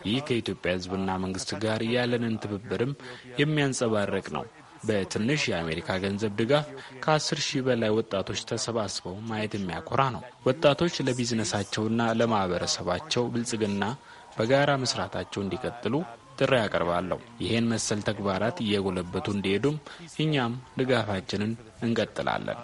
ይህ ከኢትዮጵያ ሕዝብና መንግስት ጋር ያለንን ትብብርም የሚያንጸባርቅ ነው። በትንሽ የአሜሪካ ገንዘብ ድጋፍ ከአስር ሺህ በላይ ወጣቶች ተሰባስበው ማየት የሚያኮራ ነው። ወጣቶች ለቢዝነሳቸውና ለማህበረሰባቸው ብልጽግና በጋራ መስራታቸው እንዲቀጥሉ ጥሪ ያቀርባለሁ። ይህን መሰል ተግባራት እየጎለበቱ እንዲሄዱም እኛም ድጋፋችንን እንቀጥላለን።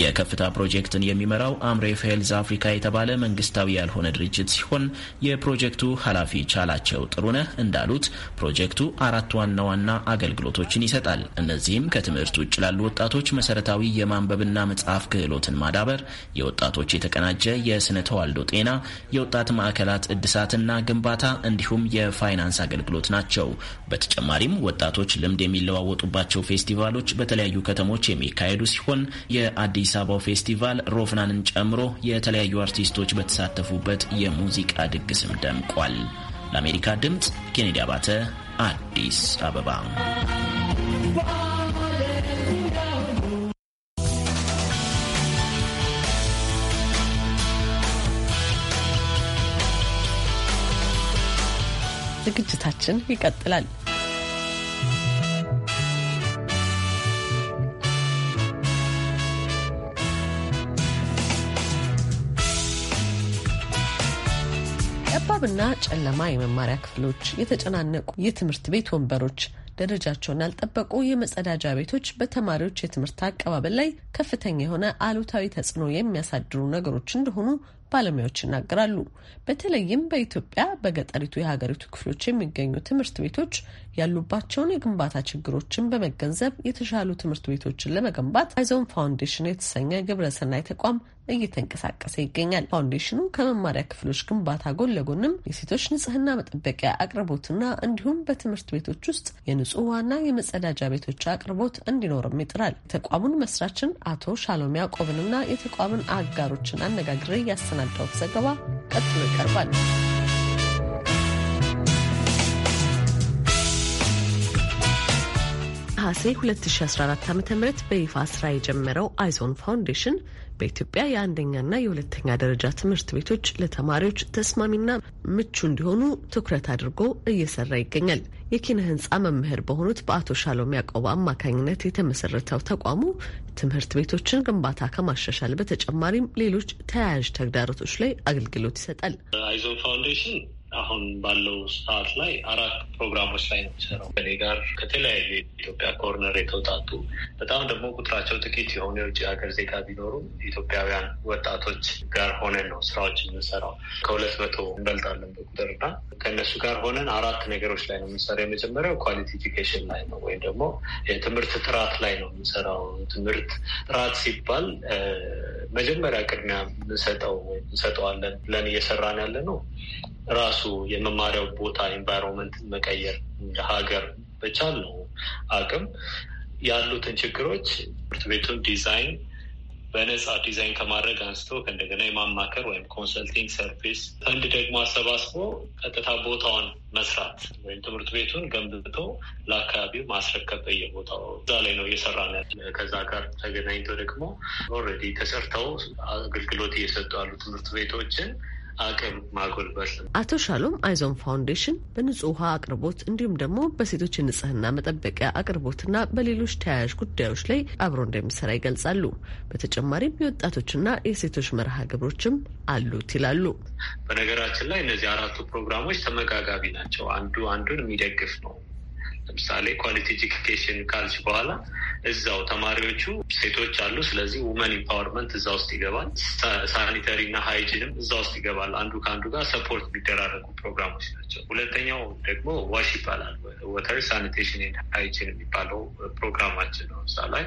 የከፍታ ፕሮጀክትን የሚመራው አምሬፍ ሄልዝ አፍሪካ የተባለ መንግስታዊ ያልሆነ ድርጅት ሲሆን የፕሮጀክቱ ኃላፊ ቻላቸው ጥሩነህ እንዳሉት ፕሮጀክቱ አራት ዋና ዋና አገልግሎቶችን ይሰጣል። እነዚህም ከትምህርት ውጭ ላሉ ወጣቶች መሰረታዊ የማንበብና መጻፍ ክህሎትን ማዳበር፣ የወጣቶች የተቀናጀ የስነ ተዋልዶ ጤና፣ የወጣት ማዕከላት እድሳትና ግንባታ እንዲሁም የፋይናንስ አገልግሎት ናቸው። በተጨማሪም ወጣቶች ልምድ የሚለዋወጡባቸው ፌስቲቫሎች በተለያዩ ከተሞች የሚካሄዱ ሲሆን አዲስ አበባው ፌስቲቫል ሮፍናንን ጨምሮ የተለያዩ አርቲስቶች በተሳተፉበት የሙዚቃ ድግስም ደምቋል። ለአሜሪካ ድምፅ ኬኔዲ አባተ አዲስ አበባ። ዝግጅታችን ይቀጥላል። ጨለማ የመማሪያ ክፍሎች፣ የተጨናነቁ የትምህርት ቤት ወንበሮች፣ ደረጃቸውን ያልጠበቁ የመጸዳጃ ቤቶች በተማሪዎች የትምህርት አቀባበል ላይ ከፍተኛ የሆነ አሉታዊ ተጽዕኖ የሚያሳድሩ ነገሮች እንደሆኑ ባለሙያዎች ይናገራሉ። በተለይም በኢትዮጵያ በገጠሪቱ የሀገሪቱ ክፍሎች የሚገኙ ትምህርት ቤቶች ያሉባቸውን የግንባታ ችግሮችን በመገንዘብ የተሻሉ ትምህርት ቤቶችን ለመገንባት አይዞን ፋውንዴሽን የተሰኘ ግብረሰናይ ተቋም እየተንቀሳቀሰ ይገኛል። ፋውንዴሽኑ ከመማሪያ ክፍሎች ግንባታ ጎን ለጎንም የሴቶች ንጽህና መጠበቂያ አቅርቦትና እንዲሁም በትምህርት ቤቶች ውስጥ የንጹህ ዋና የመጸዳጃ ቤቶች አቅርቦት እንዲኖርም ይጥራል። የተቋሙን መስራችን አቶ ሻሎም ያዕቆብንና የተቋምን አጋሮችን አነጋግሬ ያሰናዳሁት ዘገባ ቀጥሎ ይቀርባል። ነሐሴ 2014 ዓ ም በይፋ ስራ የጀመረው አይዞን ፋውንዴሽን በኢትዮጵያ የአንደኛና የሁለተኛ ደረጃ ትምህርት ቤቶች ለተማሪዎች ተስማሚና ምቹ እንዲሆኑ ትኩረት አድርጎ እየሰራ ይገኛል። የኪነ ህንፃ መምህር በሆኑት በአቶ ሻሎም ያቆብ አማካኝነት የተመሰረተው ተቋሙ ትምህርት ቤቶችን ግንባታ ከማሻሻል በተጨማሪም ሌሎች ተያያዥ ተግዳሮቶች ላይ አገልግሎት ይሰጣል። አይዞን ፋውንዴሽን አሁን ባለው ሰዓት ላይ አራት ፕሮግራሞች ላይ ነው የሚሰራው። ከኔ ጋር ከተለያዩ የኢትዮጵያ ኮርነር የተውጣጡ በጣም ደግሞ ቁጥራቸው ጥቂት የሆኑ የውጭ ሀገር ዜጋ ቢኖሩ ኢትዮጵያውያን ወጣቶች ጋር ሆነን ነው ስራዎች የምንሰራው። ከሁለት መቶ እንበልጣለን በቁጥር እና ከእነሱ ጋር ሆነን አራት ነገሮች ላይ ነው የምንሰራው። የመጀመሪያው ኳሊቲ ኤዱኬሽን ላይ ነው ወይም ደግሞ የትምህርት ጥራት ላይ ነው የምንሰራው። ትምህርት ጥራት ሲባል መጀመሪያ ቅድሚያ የምንሰጠው ወይም እንሰጠዋለን ብለን እየሰራን ያለ ነው ራሱ ራሱ የመማሪያው ቦታ ኤንቫይሮንመንትን መቀየር እንደ ሀገር በቻል ነው አቅም ያሉትን ችግሮች ትምህርት ቤቱን ዲዛይን በነፃ ዲዛይን ከማድረግ አንስቶ ከእንደገና የማማከር ወይም ኮንሰልቲንግ ሰርቪስ ፈንድ ደግሞ አሰባስቦ ቀጥታ ቦታውን መስራት ወይም ትምህርት ቤቱን ገንብቶ ለአካባቢው ማስረከብ በየቦታው እዛ ላይ ነው እየሰራ ከዛ ጋር ተገናኝቶ ደግሞ ኦልሬዲ ተሰርተው አገልግሎት እየሰጡ ያሉ ትምህርት ቤቶችን አቅም ማጎልበት። አቶ ሻሎም አይዞን ፋውንዴሽን በንጹህ ውሃ አቅርቦት እንዲሁም ደግሞ በሴቶች ንጽህና መጠበቂያ አቅርቦትና በሌሎች ተያያዥ ጉዳዮች ላይ አብሮ እንደሚሰራ ይገልጻሉ። በተጨማሪም የወጣቶችና የሴቶች መርሃ ግብሮችም አሉት ይላሉ። በነገራችን ላይ እነዚህ አራቱ ፕሮግራሞች ተመጋጋቢ ናቸው። አንዱ አንዱን የሚደግፍ ነው። ለምሳሌ ኳሊቲ ኤጁኬሽን ካልች በኋላ እዛው ተማሪዎቹ ሴቶች አሉ። ስለዚህ ውመን ኢምፓወርመንት እዛ ውስጥ ይገባል። ሳኒተሪ እና ሃይጂንም እዛ ውስጥ ይገባል። አንዱ ከአንዱ ጋር ሰፖርት የሚደራረጉ ፕሮግራሞች ናቸው። ሁለተኛው ደግሞ ዋሽ ይባላል። ወተር ሳኒቴሽን ኤንድ ሃይጂን የሚባለው ፕሮግራማችን ነው። እዛ ላይ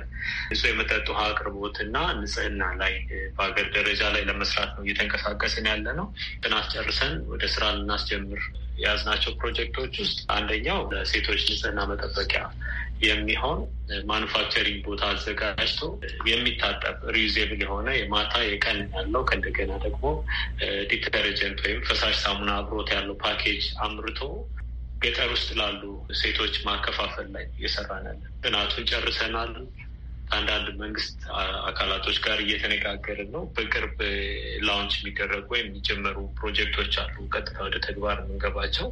ንጹህ የመጠጥ ውሃ አቅርቦትና ንጽህና ላይ በሀገር ደረጃ ላይ ለመስራት ነው እየተንቀሳቀስን ያለ ነው። ጥናት ጨርሰን ወደ ስራ ልናስጀምር የያዝናቸው ፕሮጀክቶች ውስጥ አንደኛው ለሴቶች ንጽህና መጠበቂያ የሚሆን ማኑፋክቸሪንግ ቦታ አዘጋጅቶ የሚታጠብ ሪዩዜብል የሆነ የማታ የቀን ያለው ከእንደገና ደግሞ ዲተርጀንት ወይም ፈሳሽ ሳሙና አብሮት ያለው ፓኬጅ አምርቶ ገጠር ውስጥ ላሉ ሴቶች ማከፋፈል ላይ እየሰራን ያለን ጥናቱን ጨርሰናል። ከአንዳንድ መንግስት አካላቶች ጋር እየተነጋገርን ነው። በቅርብ ላውንች የሚደረጉ ወይም የሚጀመሩ ፕሮጀክቶች አሉ፣ ቀጥታ ወደ ተግባር የምንገባቸው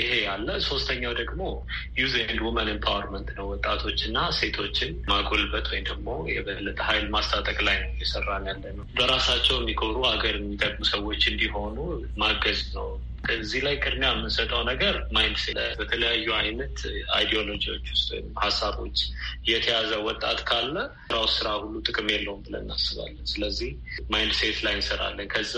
ይሄ ያለ። ሶስተኛው ደግሞ ዩዝ ኤንድ ውመን ኤምፓወርመንት ነው። ወጣቶች ሴቶችን ማጎልበት ወይም ደግሞ የበለጠ ሀይል ማስታጠቅ ላይ ነው እየሰራን ያለ ነው። በራሳቸው የሚኮሩ ሀገር የሚጠቅሙ ሰዎች እንዲሆኑ ማገዝ ነው እዚህ ላይ ቅድሚያ የምንሰጠው ነገር ማይንድ በተለያዩ አይነት አይዲዮሎጂዎች ውስጥ ወይም ሀሳቦች የተያዘ ወጣት ካለ ስራው ስራ ሁሉ ጥቅም የለውም ብለን እናስባለን። ስለዚህ ማይንድሴት ላይ እንሰራለን። ከዛ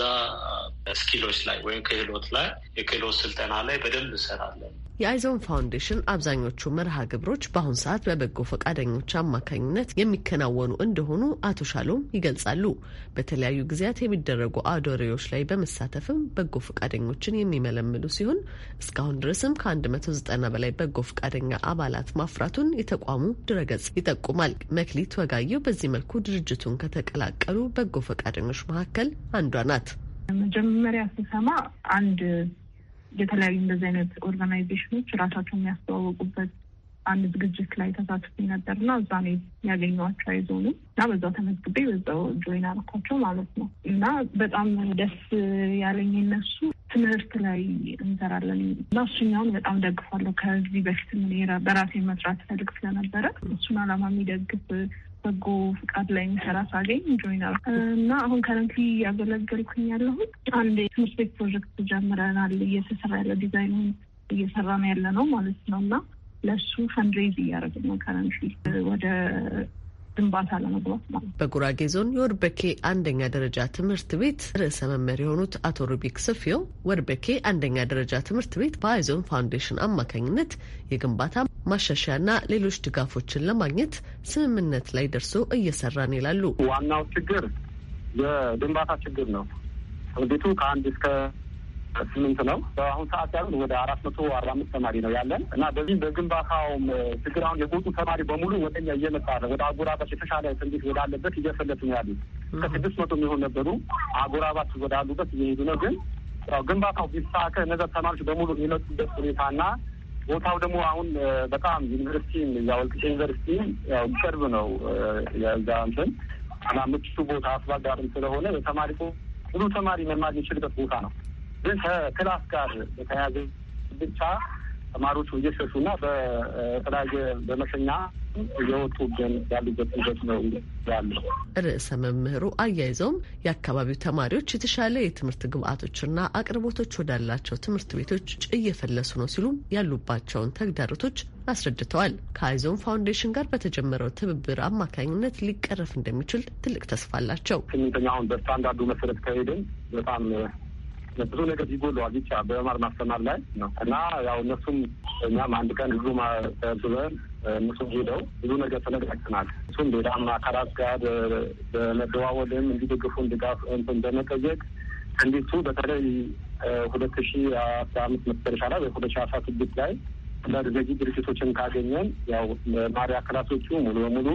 ስኪሎች ላይ ወይም ክህሎት ላይ የክህሎት ስልጠና ላይ በደንብ እንሰራለን። የአይዞን ፋውንዴሽን አብዛኞቹ መርሃ ግብሮች በአሁን ሰዓት በበጎ ፈቃደኞች አማካኝነት የሚከናወኑ እንደሆኑ አቶ ሻሎም ይገልጻሉ። በተለያዩ ጊዜያት የሚደረጉ አዶሬዎች ላይ በመሳተፍም በጎ ፈቃደኞችን የሚመለምሉ ሲሆን እስካሁን ድረስም ከ190 በላይ በጎ ፈቃደኛ አባላት ማፍራቱን የተቋሙ ድረገጽ ይጠቁማል። መክሊት ወጋየው በዚህ መልኩ ድርጅቱን ከተቀላቀሉ በጎ ፈቃደኞች መካከል አንዷ ናት። መጀመሪያ ስሰማ አንድ የተለያዩ እንደዚህ አይነት ኦርጋናይዜሽኖች ራሳቸው የሚያስተዋወቁበት አንድ ዝግጅት ላይ ተሳትፌ ነበር እና እዛ ነው ያገኘኋቸው አይዞንም እና በዛው ተመዝግቤ በዛው ጆይን አልኳቸው ማለት ነው። እና በጣም ደስ ያለኝ እነሱ ትምህርት ላይ እንሰራለን እና እሱኛውን በጣም ደግፋለሁ። ከዚህ በፊት ምን በራሴ መስራት ፈልግ ስለነበረ እሱን አላማ የሚደግፍ በጎ ፍቃድ ላይ የሚሰራ ሳገኝ ጆይን እና አሁን ከረንትሊ እያገለገልኩኝ ያለሁት አንድ የትምህርት ቤት ፕሮጀክት ጀምረናል። እየተሰራ ያለ ዲዛይኑን እየሰራ ነው ያለ ነው ማለት ነው እና ለእሱ ፈንድሬዝ እያደረግን ነው ከረንትሊ ወደ ግንባታ ለመግባት ማለት በጉራጌ ዞን የወርበኬ አንደኛ ደረጃ ትምህርት ቤት ርዕሰ መምህር የሆኑት አቶ ሩቢክ ስፊዮ ወርበኬ አንደኛ ደረጃ ትምህርት ቤት በአይዞን ፋውንዴሽን አማካኝነት የግንባታ ማሻሻያና ሌሎች ድጋፎችን ለማግኘት ስምምነት ላይ ደርሶ እየሰራን ይላሉ። ዋናው ችግር የግንባታ ችግር ነው። ቤቱ ከአንድ እስከ ስምንት ነው። በአሁን ሰዓት ያሉት ወደ አራት መቶ አርባ አምስት ተማሪ ነው ያለን እና በዚህ በግንባታውም ችግር አሁን የጎጡ ተማሪ በሙሉ ወደኛ እየመጣ ነው። ወደ አጎራባች የተሻለ ትንቢት ወዳለበት እየፈለጡ ነው ያሉት። ከስድስት መቶ የሚሆን ነበሩ አጎራባች ወዳሉበት እየሄዱ ነው። ግን ግንባታው ቢሳከ እነዛ ተማሪዎች በሙሉ የሚመጡበት ሁኔታና ቦታው ደግሞ አሁን በጣም ዩኒቨርሲቲም የወልቂጤ ዩኒቨርሲቲ ያው ቅርብ ነው የዛ እንትን እና ምቹ ቦታ አስባጋርም ስለሆነ የተማሪ ብዙ ተማሪ መማር የሚችልበት ቦታ ነው። ግን ከክላስ ጋር በተያያዘ ብቻ ተማሪዎቹ እየሸሹ እና በተለያየ በመሸኛ እየወጡ ያሉበት ሂደት ነው ያለው። ርዕሰ መምህሩ አያይዘውም የአካባቢው ተማሪዎች የተሻለ የትምህርት ግብዓቶችና አቅርቦቶች ወዳላቸው ትምህርት ቤቶች እየፈለሱ ነው ሲሉም ያሉባቸውን ተግዳሮቶች አስረድተዋል። ከአይዞን ፋውንዴሽን ጋር በተጀመረው ትብብር አማካኝነት ሊቀረፍ እንደሚችል ትልቅ ተስፋ አላቸው። ስምንተኛ አሁን በስታንዳርዱ መሰረት ከሄድን በጣም ብዙ ነገር ይጎለዋል ብቻ በመማር ማስተማር ላይ ነው እና ያው እነሱም እኛም አንድ ቀን ህዙ ብለን እነሱም ሄደው ብዙ ነገር ተነጋግተናል። እሱም ሌላም አካላት ጋር በመደዋወልም እንዲደግፉን ድጋፍ እንትን በመጠየቅ እንዲቱ በተለይ ሁለት ሺ አስራ አምስት መጨረሻ ላይ ወይ ሁለት ሺ አስራ ስድስት ላይ ለዚህ ድርጅቶችን ካገኘን ያው ማሪያ አካላቶቹ ሙሉ በሙሉ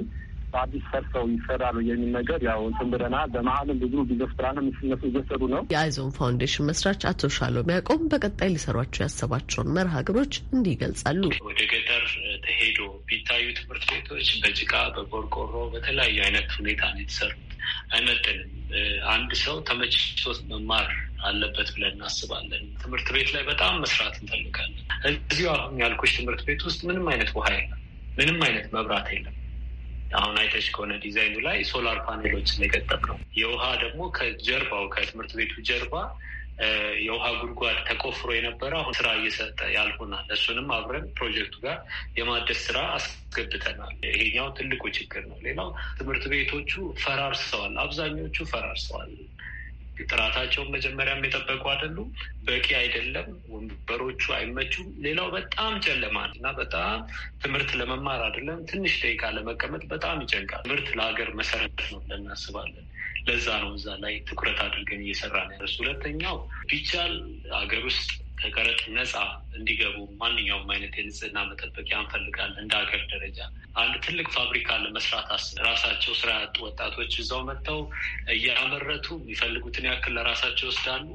በአዲስ ሰርተው ይሰራሉ የሚል ነገር ያው እንትን ብለናል። በመሀልም ብዙ ቢዝነስ ፕላንም እየሰሩ ነው። የአይዞን ፋውንዴሽን መስራች አቶ ሻሎም ያቆም በቀጣይ ሊሰሯቸው ያሰባቸውን መርሃ ግብሮች እንዲህ ይገልጻሉ። ወደ ገጠር ተሄዶ ቢታዩ ትምህርት ቤቶች በጭቃ በቆርቆሮ በተለያዩ አይነት ሁኔታ ነው የተሰሩት። አይመጥንም። አንድ ሰው ተመችቶት መማር አለበት ብለን እናስባለን። ትምህርት ቤት ላይ በጣም መስራት እንፈልጋለን። እዚሁ አሁን ያልኩሽ ትምህርት ቤት ውስጥ ምንም አይነት ውሃ የለም፣ ምንም አይነት መብራት የለም። አሁን አይተሽ ከሆነ ዲዛይኑ ላይ ሶላር ፓኔሎች የገጠም ነው። የውሃ ደግሞ ከጀርባው ከትምህርት ቤቱ ጀርባ የውሃ ጉድጓድ ተቆፍሮ የነበረ አሁን ስራ እየሰጠ ያልሆናል። እሱንም አብረን ፕሮጀክቱ ጋር የማደስ ስራ አስገብተናል። ይሄኛው ትልቁ ችግር ነው። ሌላው ትምህርት ቤቶቹ ፈራርሰዋል፣ አብዛኞቹ ፈራርሰዋል። ጥራታቸውን መጀመሪያም የጠበቁ አይደሉም። በቂ አይደለም። ወንበሮቹ አይመቹም። ሌላው በጣም ጨለማ እና በጣም ትምህርት ለመማር አይደለም ትንሽ ደቂቃ ለመቀመጥ በጣም ይጨንቃል። ትምህርት ለሀገር መሰረት ነው ብለን እናስባለን። ለዛ ነው እዛ ላይ ትኩረት አድርገን እየሰራ ነው። ሁለተኛው ቢቻል ሀገር ውስጥ ከቀረጥ ነፃ እንዲገቡ ማንኛውም አይነት የንጽህና መጠበቂያ እንፈልጋለን። እንደ ሀገር ደረጃ አንድ ትልቅ ፋብሪካ ለመስራት ራሳቸው ስራ ያጡ ወጣቶች እዛው መጥተው እያመረቱ የሚፈልጉትን ያክል ለራሳቸው ይወስዳሉ።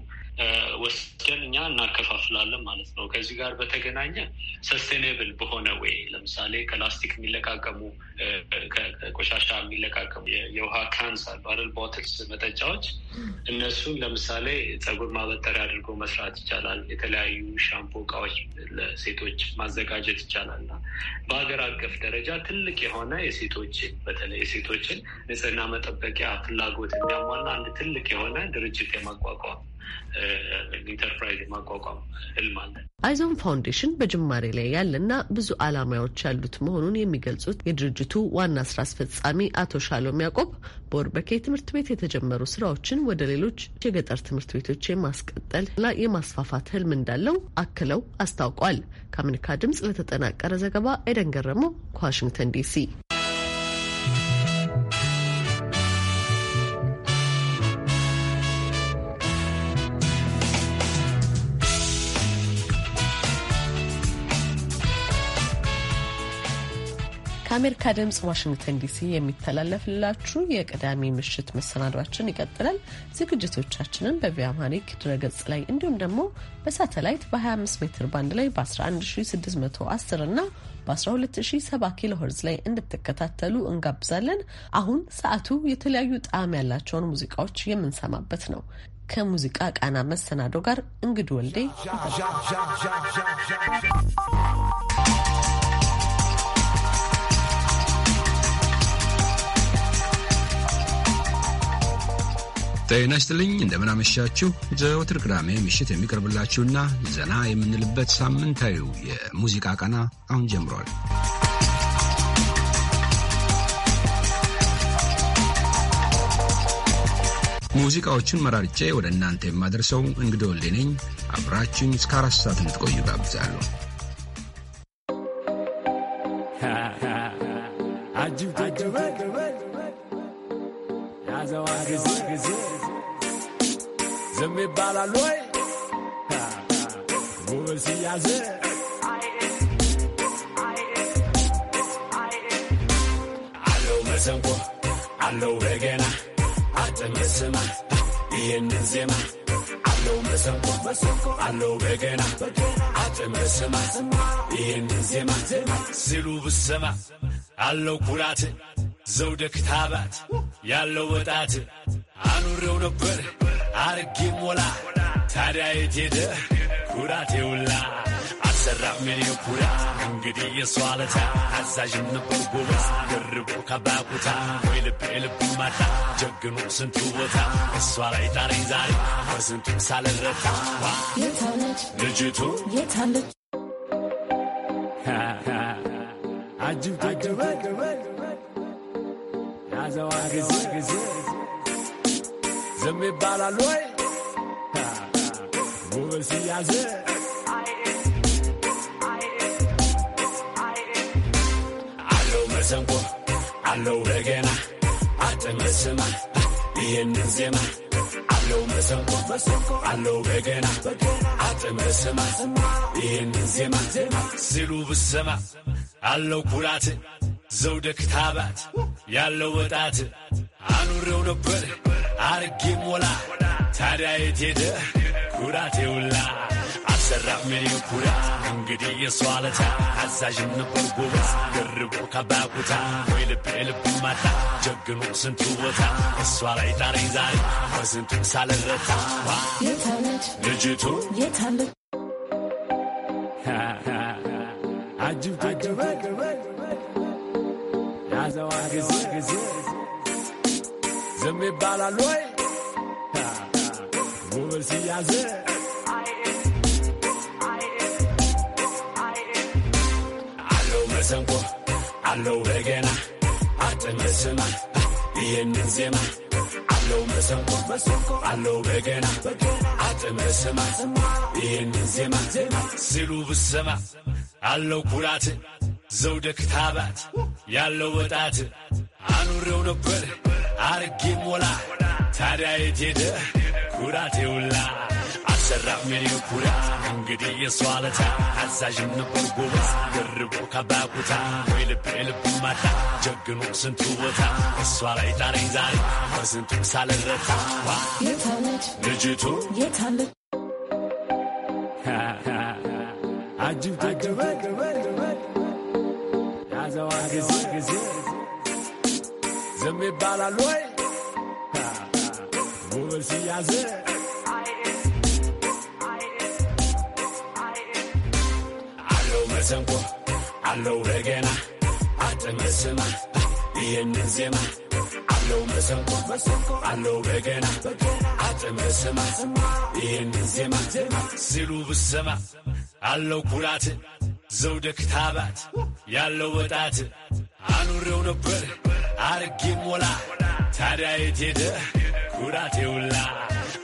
ወስደን እኛ እናከፋፍላለን ማለት ነው። ከዚህ ጋር በተገናኘ ሰስቴኔብል በሆነ ወይ ለምሳሌ ከላስቲክ የሚለቃቀሙ ከቆሻሻ የሚለቃቀሙ የውሃ ካንስ ባርል ቦትልስ መጠጫዎች፣ እነሱን ለምሳሌ ጸጉር ማበጠሪያ አድርጎ መስራት ይቻላል። የተለያዩ ሻምፖ እቃዎች ለሴቶች ማዘጋጀት ይቻላል በሀገር አቀፍ ደረጃ ትልቅ የሆነ የሴቶች በተለይ የሴቶችን ንጽህና መጠበቂያ ፍላጎት የሚያሟላ አንድ ትልቅ የሆነ ድርጅት የማቋቋም ኢንተርፕራይዝ የማቋቋም ህልም አለ። አይዞን ፋውንዴሽን በጅማሬ ላይ ያለና ብዙ አላማዎች ያሉት መሆኑን የሚገልጹት የድርጅቱ ዋና ስራ አስፈጻሚ አቶ ሻሎም ያቆብ በወርበኬ ትምህርት ቤት የተጀመሩ ስራዎችን ወደ ሌሎች የገጠር ትምህርት ቤቶች የማስቀጠል እና የማስፋፋት ህልም እንዳለው አክለው አስታውቋል። ከአሜሪካ ድምጽ ለተጠናቀረ ዘገባ ኤደን ገረመው ከዋሽንግተን ዲሲ ከአሜሪካ ድምፅ ዋሽንግተን ዲሲ የሚተላለፍላችሁ የቅዳሜ ምሽት መሰናዷችን ይቀጥላል። ዝግጅቶቻችንን በቪኦኤ ድረገጽ ላይ እንዲሁም ደግሞ በሳተላይት በ25 ሜትር ባንድ ላይ በ11610 እና በ 1270 ኪሎ ሄርዝ ላይ እንድትከታተሉ እንጋብዛለን። አሁን ሰዓቱ የተለያዩ ጣዕም ያላቸውን ሙዚቃዎች የምንሰማበት ነው። ከሙዚቃ ቃና መሰናዶ ጋር እንግድ ወልዴ ጤና ይስጥልኝ። እንደምናመሻችሁ። ዘወትር ቅዳሜ ምሽት የሚቀርብላችሁና ዘና የምንልበት ሳምንታዊው የሙዚቃ ቀና አሁን ጀምሯል። ሙዚቃዎቹን መራርጬ ወደ እናንተ የማደርሰው እንግዲህ ወልዴ ነኝ። አብራችሁኝ እስከ አራት ሰዓት እንድትቆዩ ጋብዛለሁ። As ዝም ይባላል ወይ ጉብል ሲያዝ አለው መሰንቆ አለው በገና አጥምስማ ይህንን ዜማ አለው መሰንቆ አለው በገና አጥምስማ ይህንን ዜማ ሲሉ ብሰማ አለው ኩራት ዘውደ ክታባት ያለው ወጣት አኑሬው ነበር አርጌ ሞላ ታዲያ የት ሄደ ኩራት የውላ አልሰራም የኔ ኩራ እንግዲህ የሷለታ አለታ አዛዥም ነበር ጎበዝ ገርቦ ካባኩታ ወይ ልብ የልቡ ማታ ጀግኖ ስንቱ ቦታ እሷ ላይ ጣሬ ዛሬ በስንቱ ሳለረታ ልጅቱ የታለች አጅብ አጅብ ያዘዋ ጊዜ ጊዜ ዝም ይባላል ወይ ውበስ ያዘ አለው መሰንቆ አለው በገና አትመስማ ይህንን ዜማ አለው መሰንቆ አለው በገና አትመስማ ይህንን ዜማ ሲሉ ብሰማ አለው ኩራት ዘውደ ክታባት ያለው ወጣት አኑሬው ነበር አርጌ ሞላ ታዲያ የት ሄደ ኩራት የውላ አልሰራም የኔ ኩራ እንግዲህ የሷለታ አዛዥ አዛዥም ነበር ጎበዝ ገርቦ ካባኩታ ወይ ልብ ልብ ማታ ጀግኖ ስንቱ ቦታ እሷ ላይ ጣረኝ ዛሬ በስንቱ ሳለረታ ልጅቱ አጅብ አጅብ ያዘዋ ጊዜ ጊዜ ቁም ይባላል ወይ ውበት ሲያዘ አለው መሰንቆ አለው በገና አትመስማ ይህንን ዜማ አለው መሰንቆ አለው በገና አትመስማ ይህንን ዜማ ሲሉ ብሰማ አለው ኩራት ዘውደ ክታባት ያለው ወጣት አኑሬው ነበር አርጌ ሞላ ታዲያ የት ሄደ ኩራቴ ውላ አሰራም የኔ ኩራ እንግዲህ የሷለታ አለታ አዛዥም ነበር ጎበዝ ገርቦ ካባኩታ ወይ ልብ ልብ ማታ ጀግኖ ስንቱ ቦታ እሷ ላይ ጣረኝ ዛሬ በስንቱ ሳልረታ ልጅቱ የታለች አጅብ ተገበል ያዘዋ ጊዜ ጊዜ ዝም ይባላል ወይ ውል ሲያዝ አለው መሰንቆ አለው በገና አትመስማ ይህንን ዜማ አለው መሰንቆ አለው በገና አትመስማ ይህንን ዜማ ሲሉ ብሰማ አለው ኩራት ዘውደ ክታባት ያለው ወጣት አኑሬው ነበር አርጌ ሞላ ታዲያ የት ሄደ ኩራቴ ውላ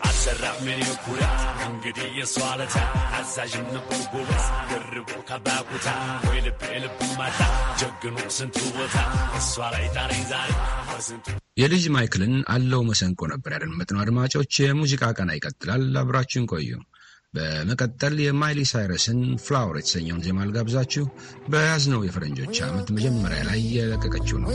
አሰራፍ ምን ኩራ እንግዲህ የሷለታ አለታ አዛዥም ነበር ጎበዝ ገርቦ ካባኩታ ወይ ልብ ልብ ማታ ጀግኖ ስንቱ ቦታ እሷ ላይ ጣለኝ ዛሬ ስንቱ የልጅ ማይክልን አለው መሰንቆ ነበር ያደመጥነው። አድማጮች፣ የሙዚቃ ቀና ይቀጥላል። አብራችን ቆዩ። በመቀጠል የማይሊ ሳይረስን ፍላወር የተሰኘውን ዜማ ልጋብዛችሁ በያዝነው የፈረንጆች ዓመት መጀመሪያ ላይ የለቀቀችው ነው።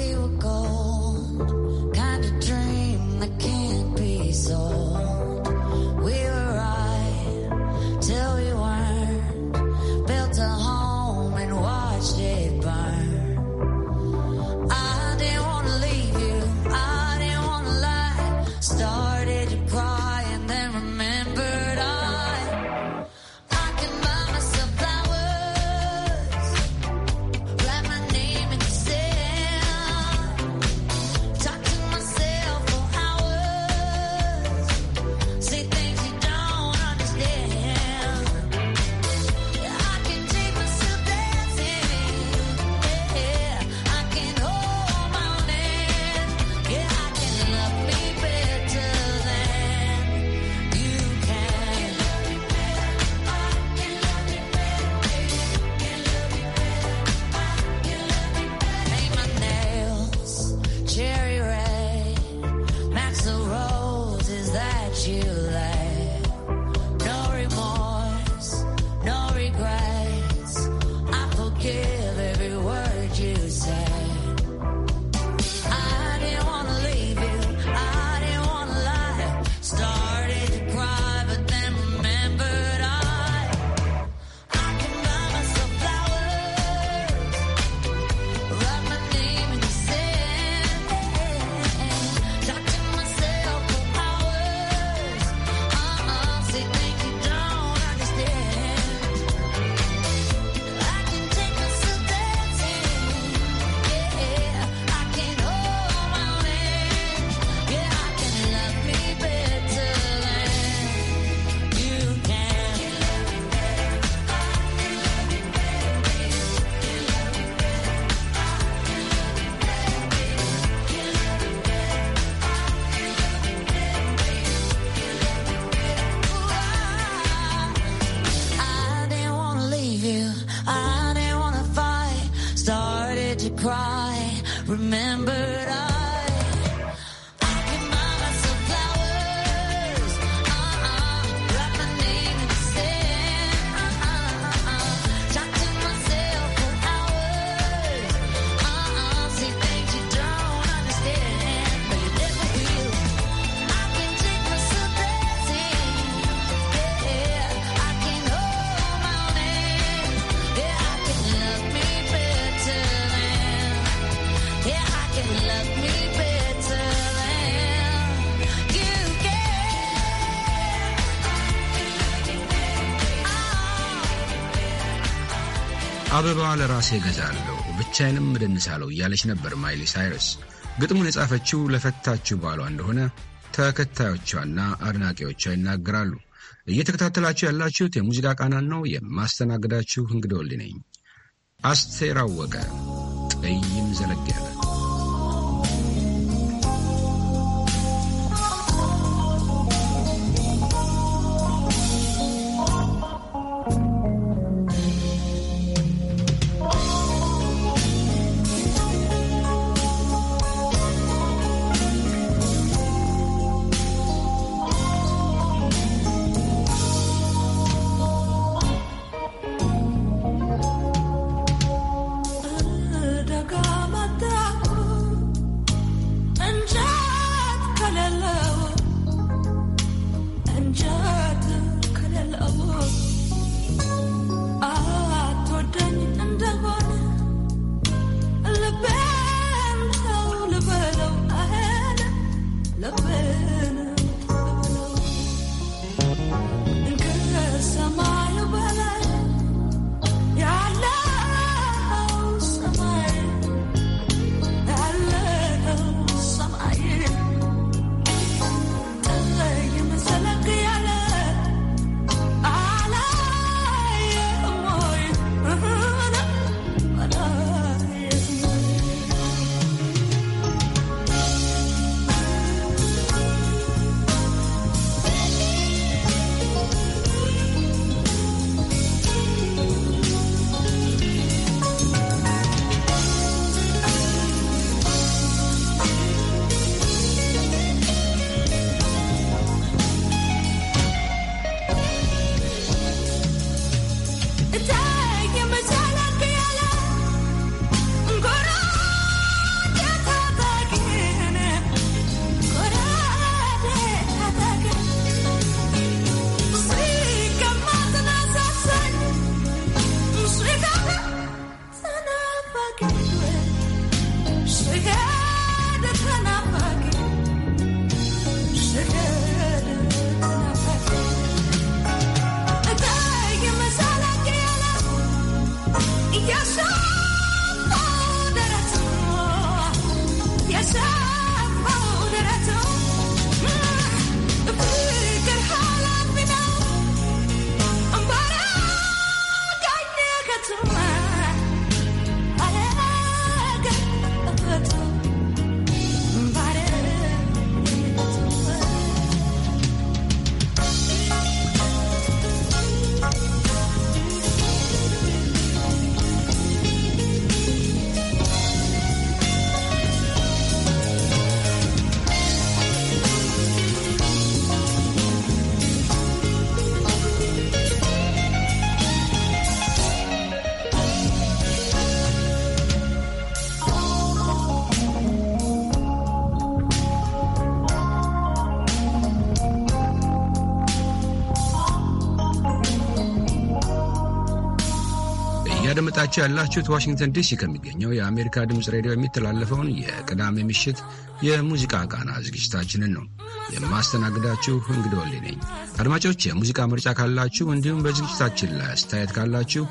ለራሴ እገዛለሁ ብቻዬንም እደንሳለሁ እያለች ነበር ማይሊ ሳይረስ። ግጥሙን የጻፈችው ለፈታችው ባሏ እንደሆነ ተከታዮቿና አድናቂዎቿ ይናገራሉ። እየተከታተላችሁ ያላችሁት የሙዚቃ ቃናን ነው። የማስተናግዳችሁ እንግዳ ነኝ። አስቴር አወቀ ጠይም ዘለግ ያለ እያደመጣችሁ ያላችሁት ዋሽንግተን ዲሲ ከሚገኘው የአሜሪካ ድምፅ ሬዲዮ የሚተላለፈውን የቅዳሜ ምሽት የሙዚቃ ቃና ዝግጅታችንን ነው የማስተናግዳችሁ። እንግዲህ ወሌ ነኝ። አድማጮች የሙዚቃ ምርጫ ካላችሁ እንዲሁም በዝግጅታችን ላይ አስተያየት ካላችሁ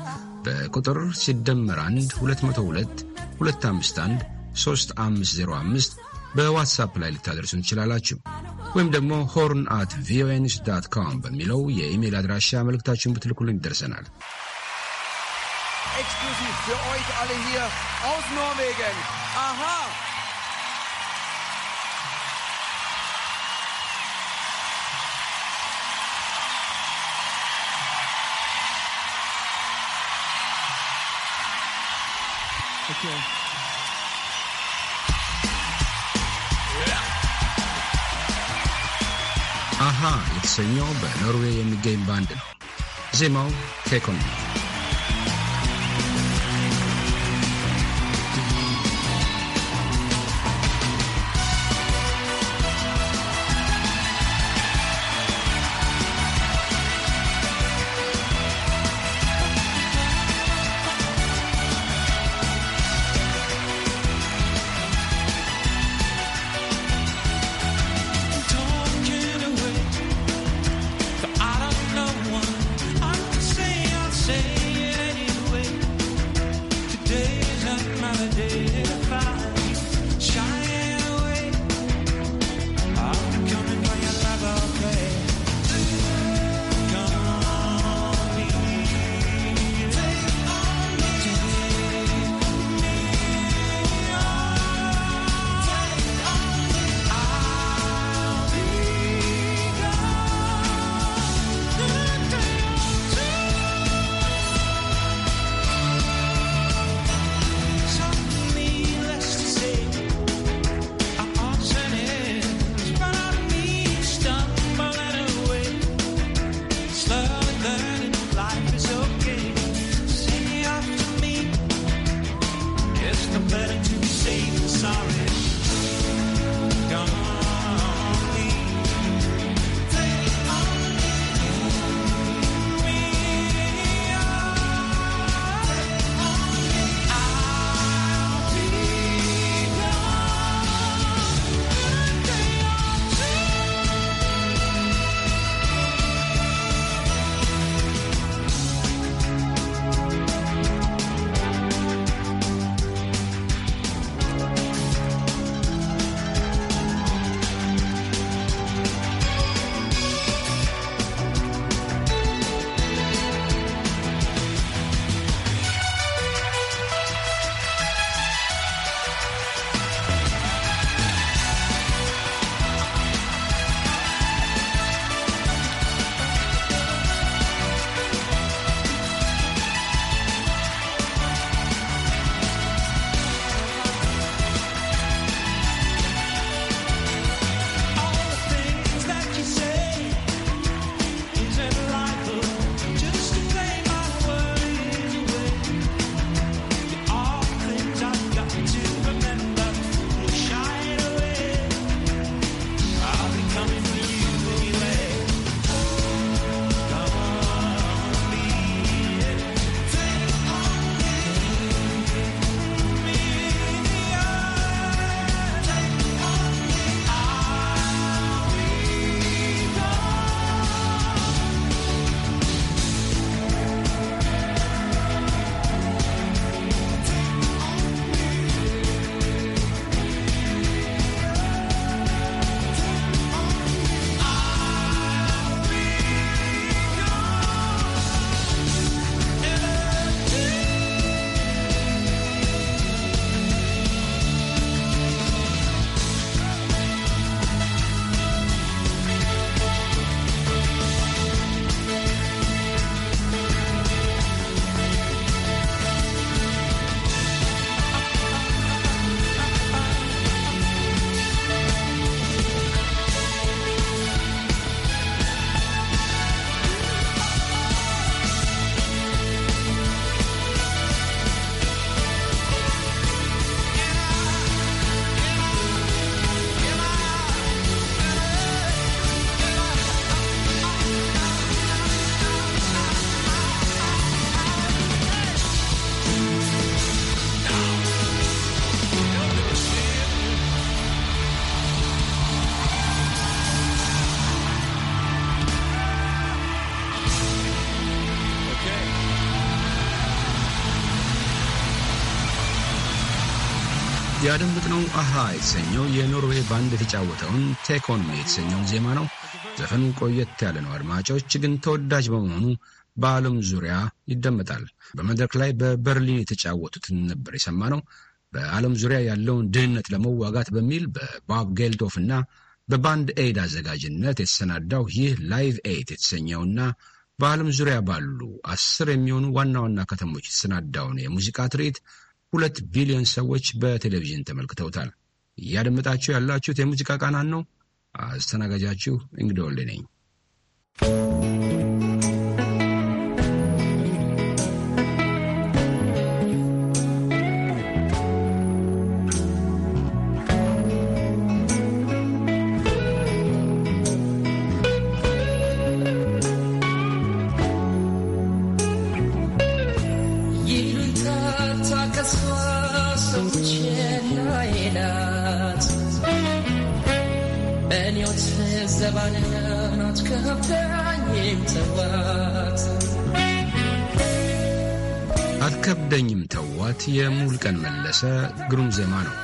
በቁጥር ሲደመር 1 202 251 3505 በዋትሳፕ ላይ ልታደርሱን ትችላላችሁ። ወይም ደግሞ ሆርን አት ቪኦኤ ኒውስ ዳት ኮም በሚለው የኢሜይል አድራሻ መልእክታችሁን ብትልኩልን ይደርሰናል። exklusiv für euch alle hier aus Norwegen. Aha! Okay. አሃ የተሰኘው በኖርዌይ የሚገኝ ባንድ ነው። ዜማው ቴኮን ነው። ነው አሃ የተሰኘው የኖርዌይ ባንድ የተጫወተውን ቴኮን የተሰኘውን ዜማ ነው። ዘፈኑ ቆየት ያለ ነው፣ አድማጮች ግን ተወዳጅ በመሆኑ በዓለም ዙሪያ ይደመጣል። በመድረክ ላይ በበርሊን የተጫወቱትን ነበር የሰማ ነው። በዓለም ዙሪያ ያለውን ድህነት ለመዋጋት በሚል በባብ ጌልዶፍ እና በባንድ ኤድ አዘጋጅነት የተሰናዳው ይህ ላይቭ ኤድ የተሰኘውና በዓለም ዙሪያ ባሉ አስር የሚሆኑ ዋና ዋና ከተሞች የተሰናዳውን የሙዚቃ ትርኢት ሁለት ቢሊዮን ሰዎች በቴሌቪዥን ተመልክተውታል። እያደመጣችሁ ያላችሁት የሙዚቃ ቃናን ነው። አስተናጋጃችሁ እንግዳ ወልዴ ነኝ። ተመስገን መለሰ ግሩም ዜማ ነው።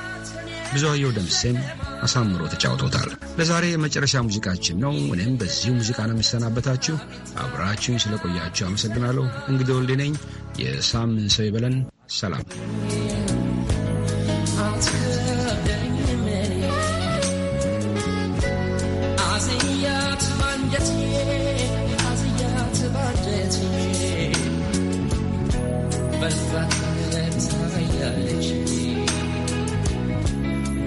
ብዙአየሁ ደምሴም አሳምሮ ተጫውቶታል። ለዛሬ የመጨረሻ ሙዚቃችን ነው። እኔም በዚሁ ሙዚቃ ነው የሚሰናበታችሁ። አብራችሁኝ ስለቆያችሁ አመሰግናለሁ። እንግዲህ ወልዴ ነኝ። የሳምንት ሰው ይበለን። ሰላም But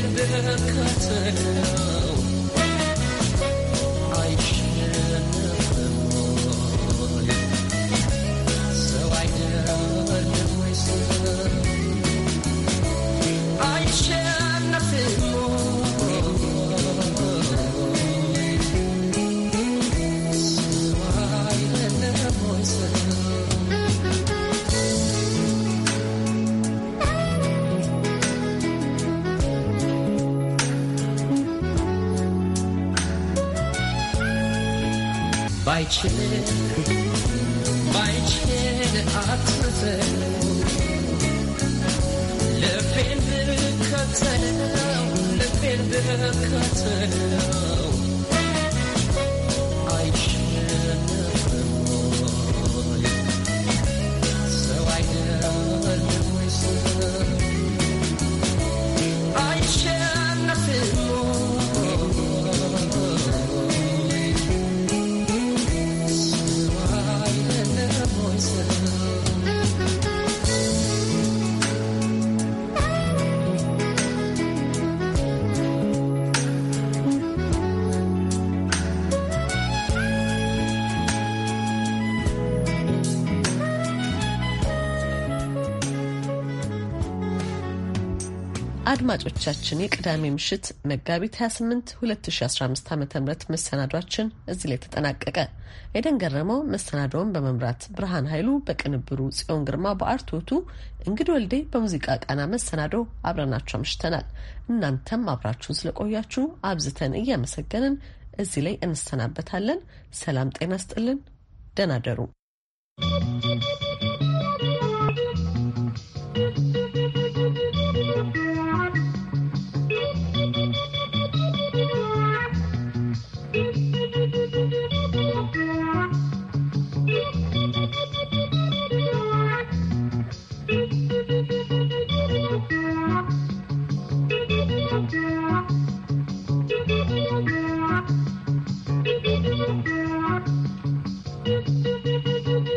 bir kadınım ባይችል ባይችል አትርፈው ልቤን ብከተለው ልቤን ብከተለው አድማጮቻችን የቅዳሜ ምሽት መጋቢት 28 2015 ዓ ም መሰናዷችን እዚህ ላይ ተጠናቀቀ። ኤደን ገረመው መሰናዶውን በመምራት ብርሃን ኃይሉ በቅንብሩ፣ ጽዮን ግርማ በአርቶቱ፣ እንግድ ወልዴ በሙዚቃ ቃና መሰናዶ አብረናቸው አምሽተናል። እናንተም አብራችሁን ስለቆያችሁ አብዝተን እያመሰገንን እዚህ ላይ እንሰናበታለን። ሰላም ጤና ስጥልን። ደህና ደሩ።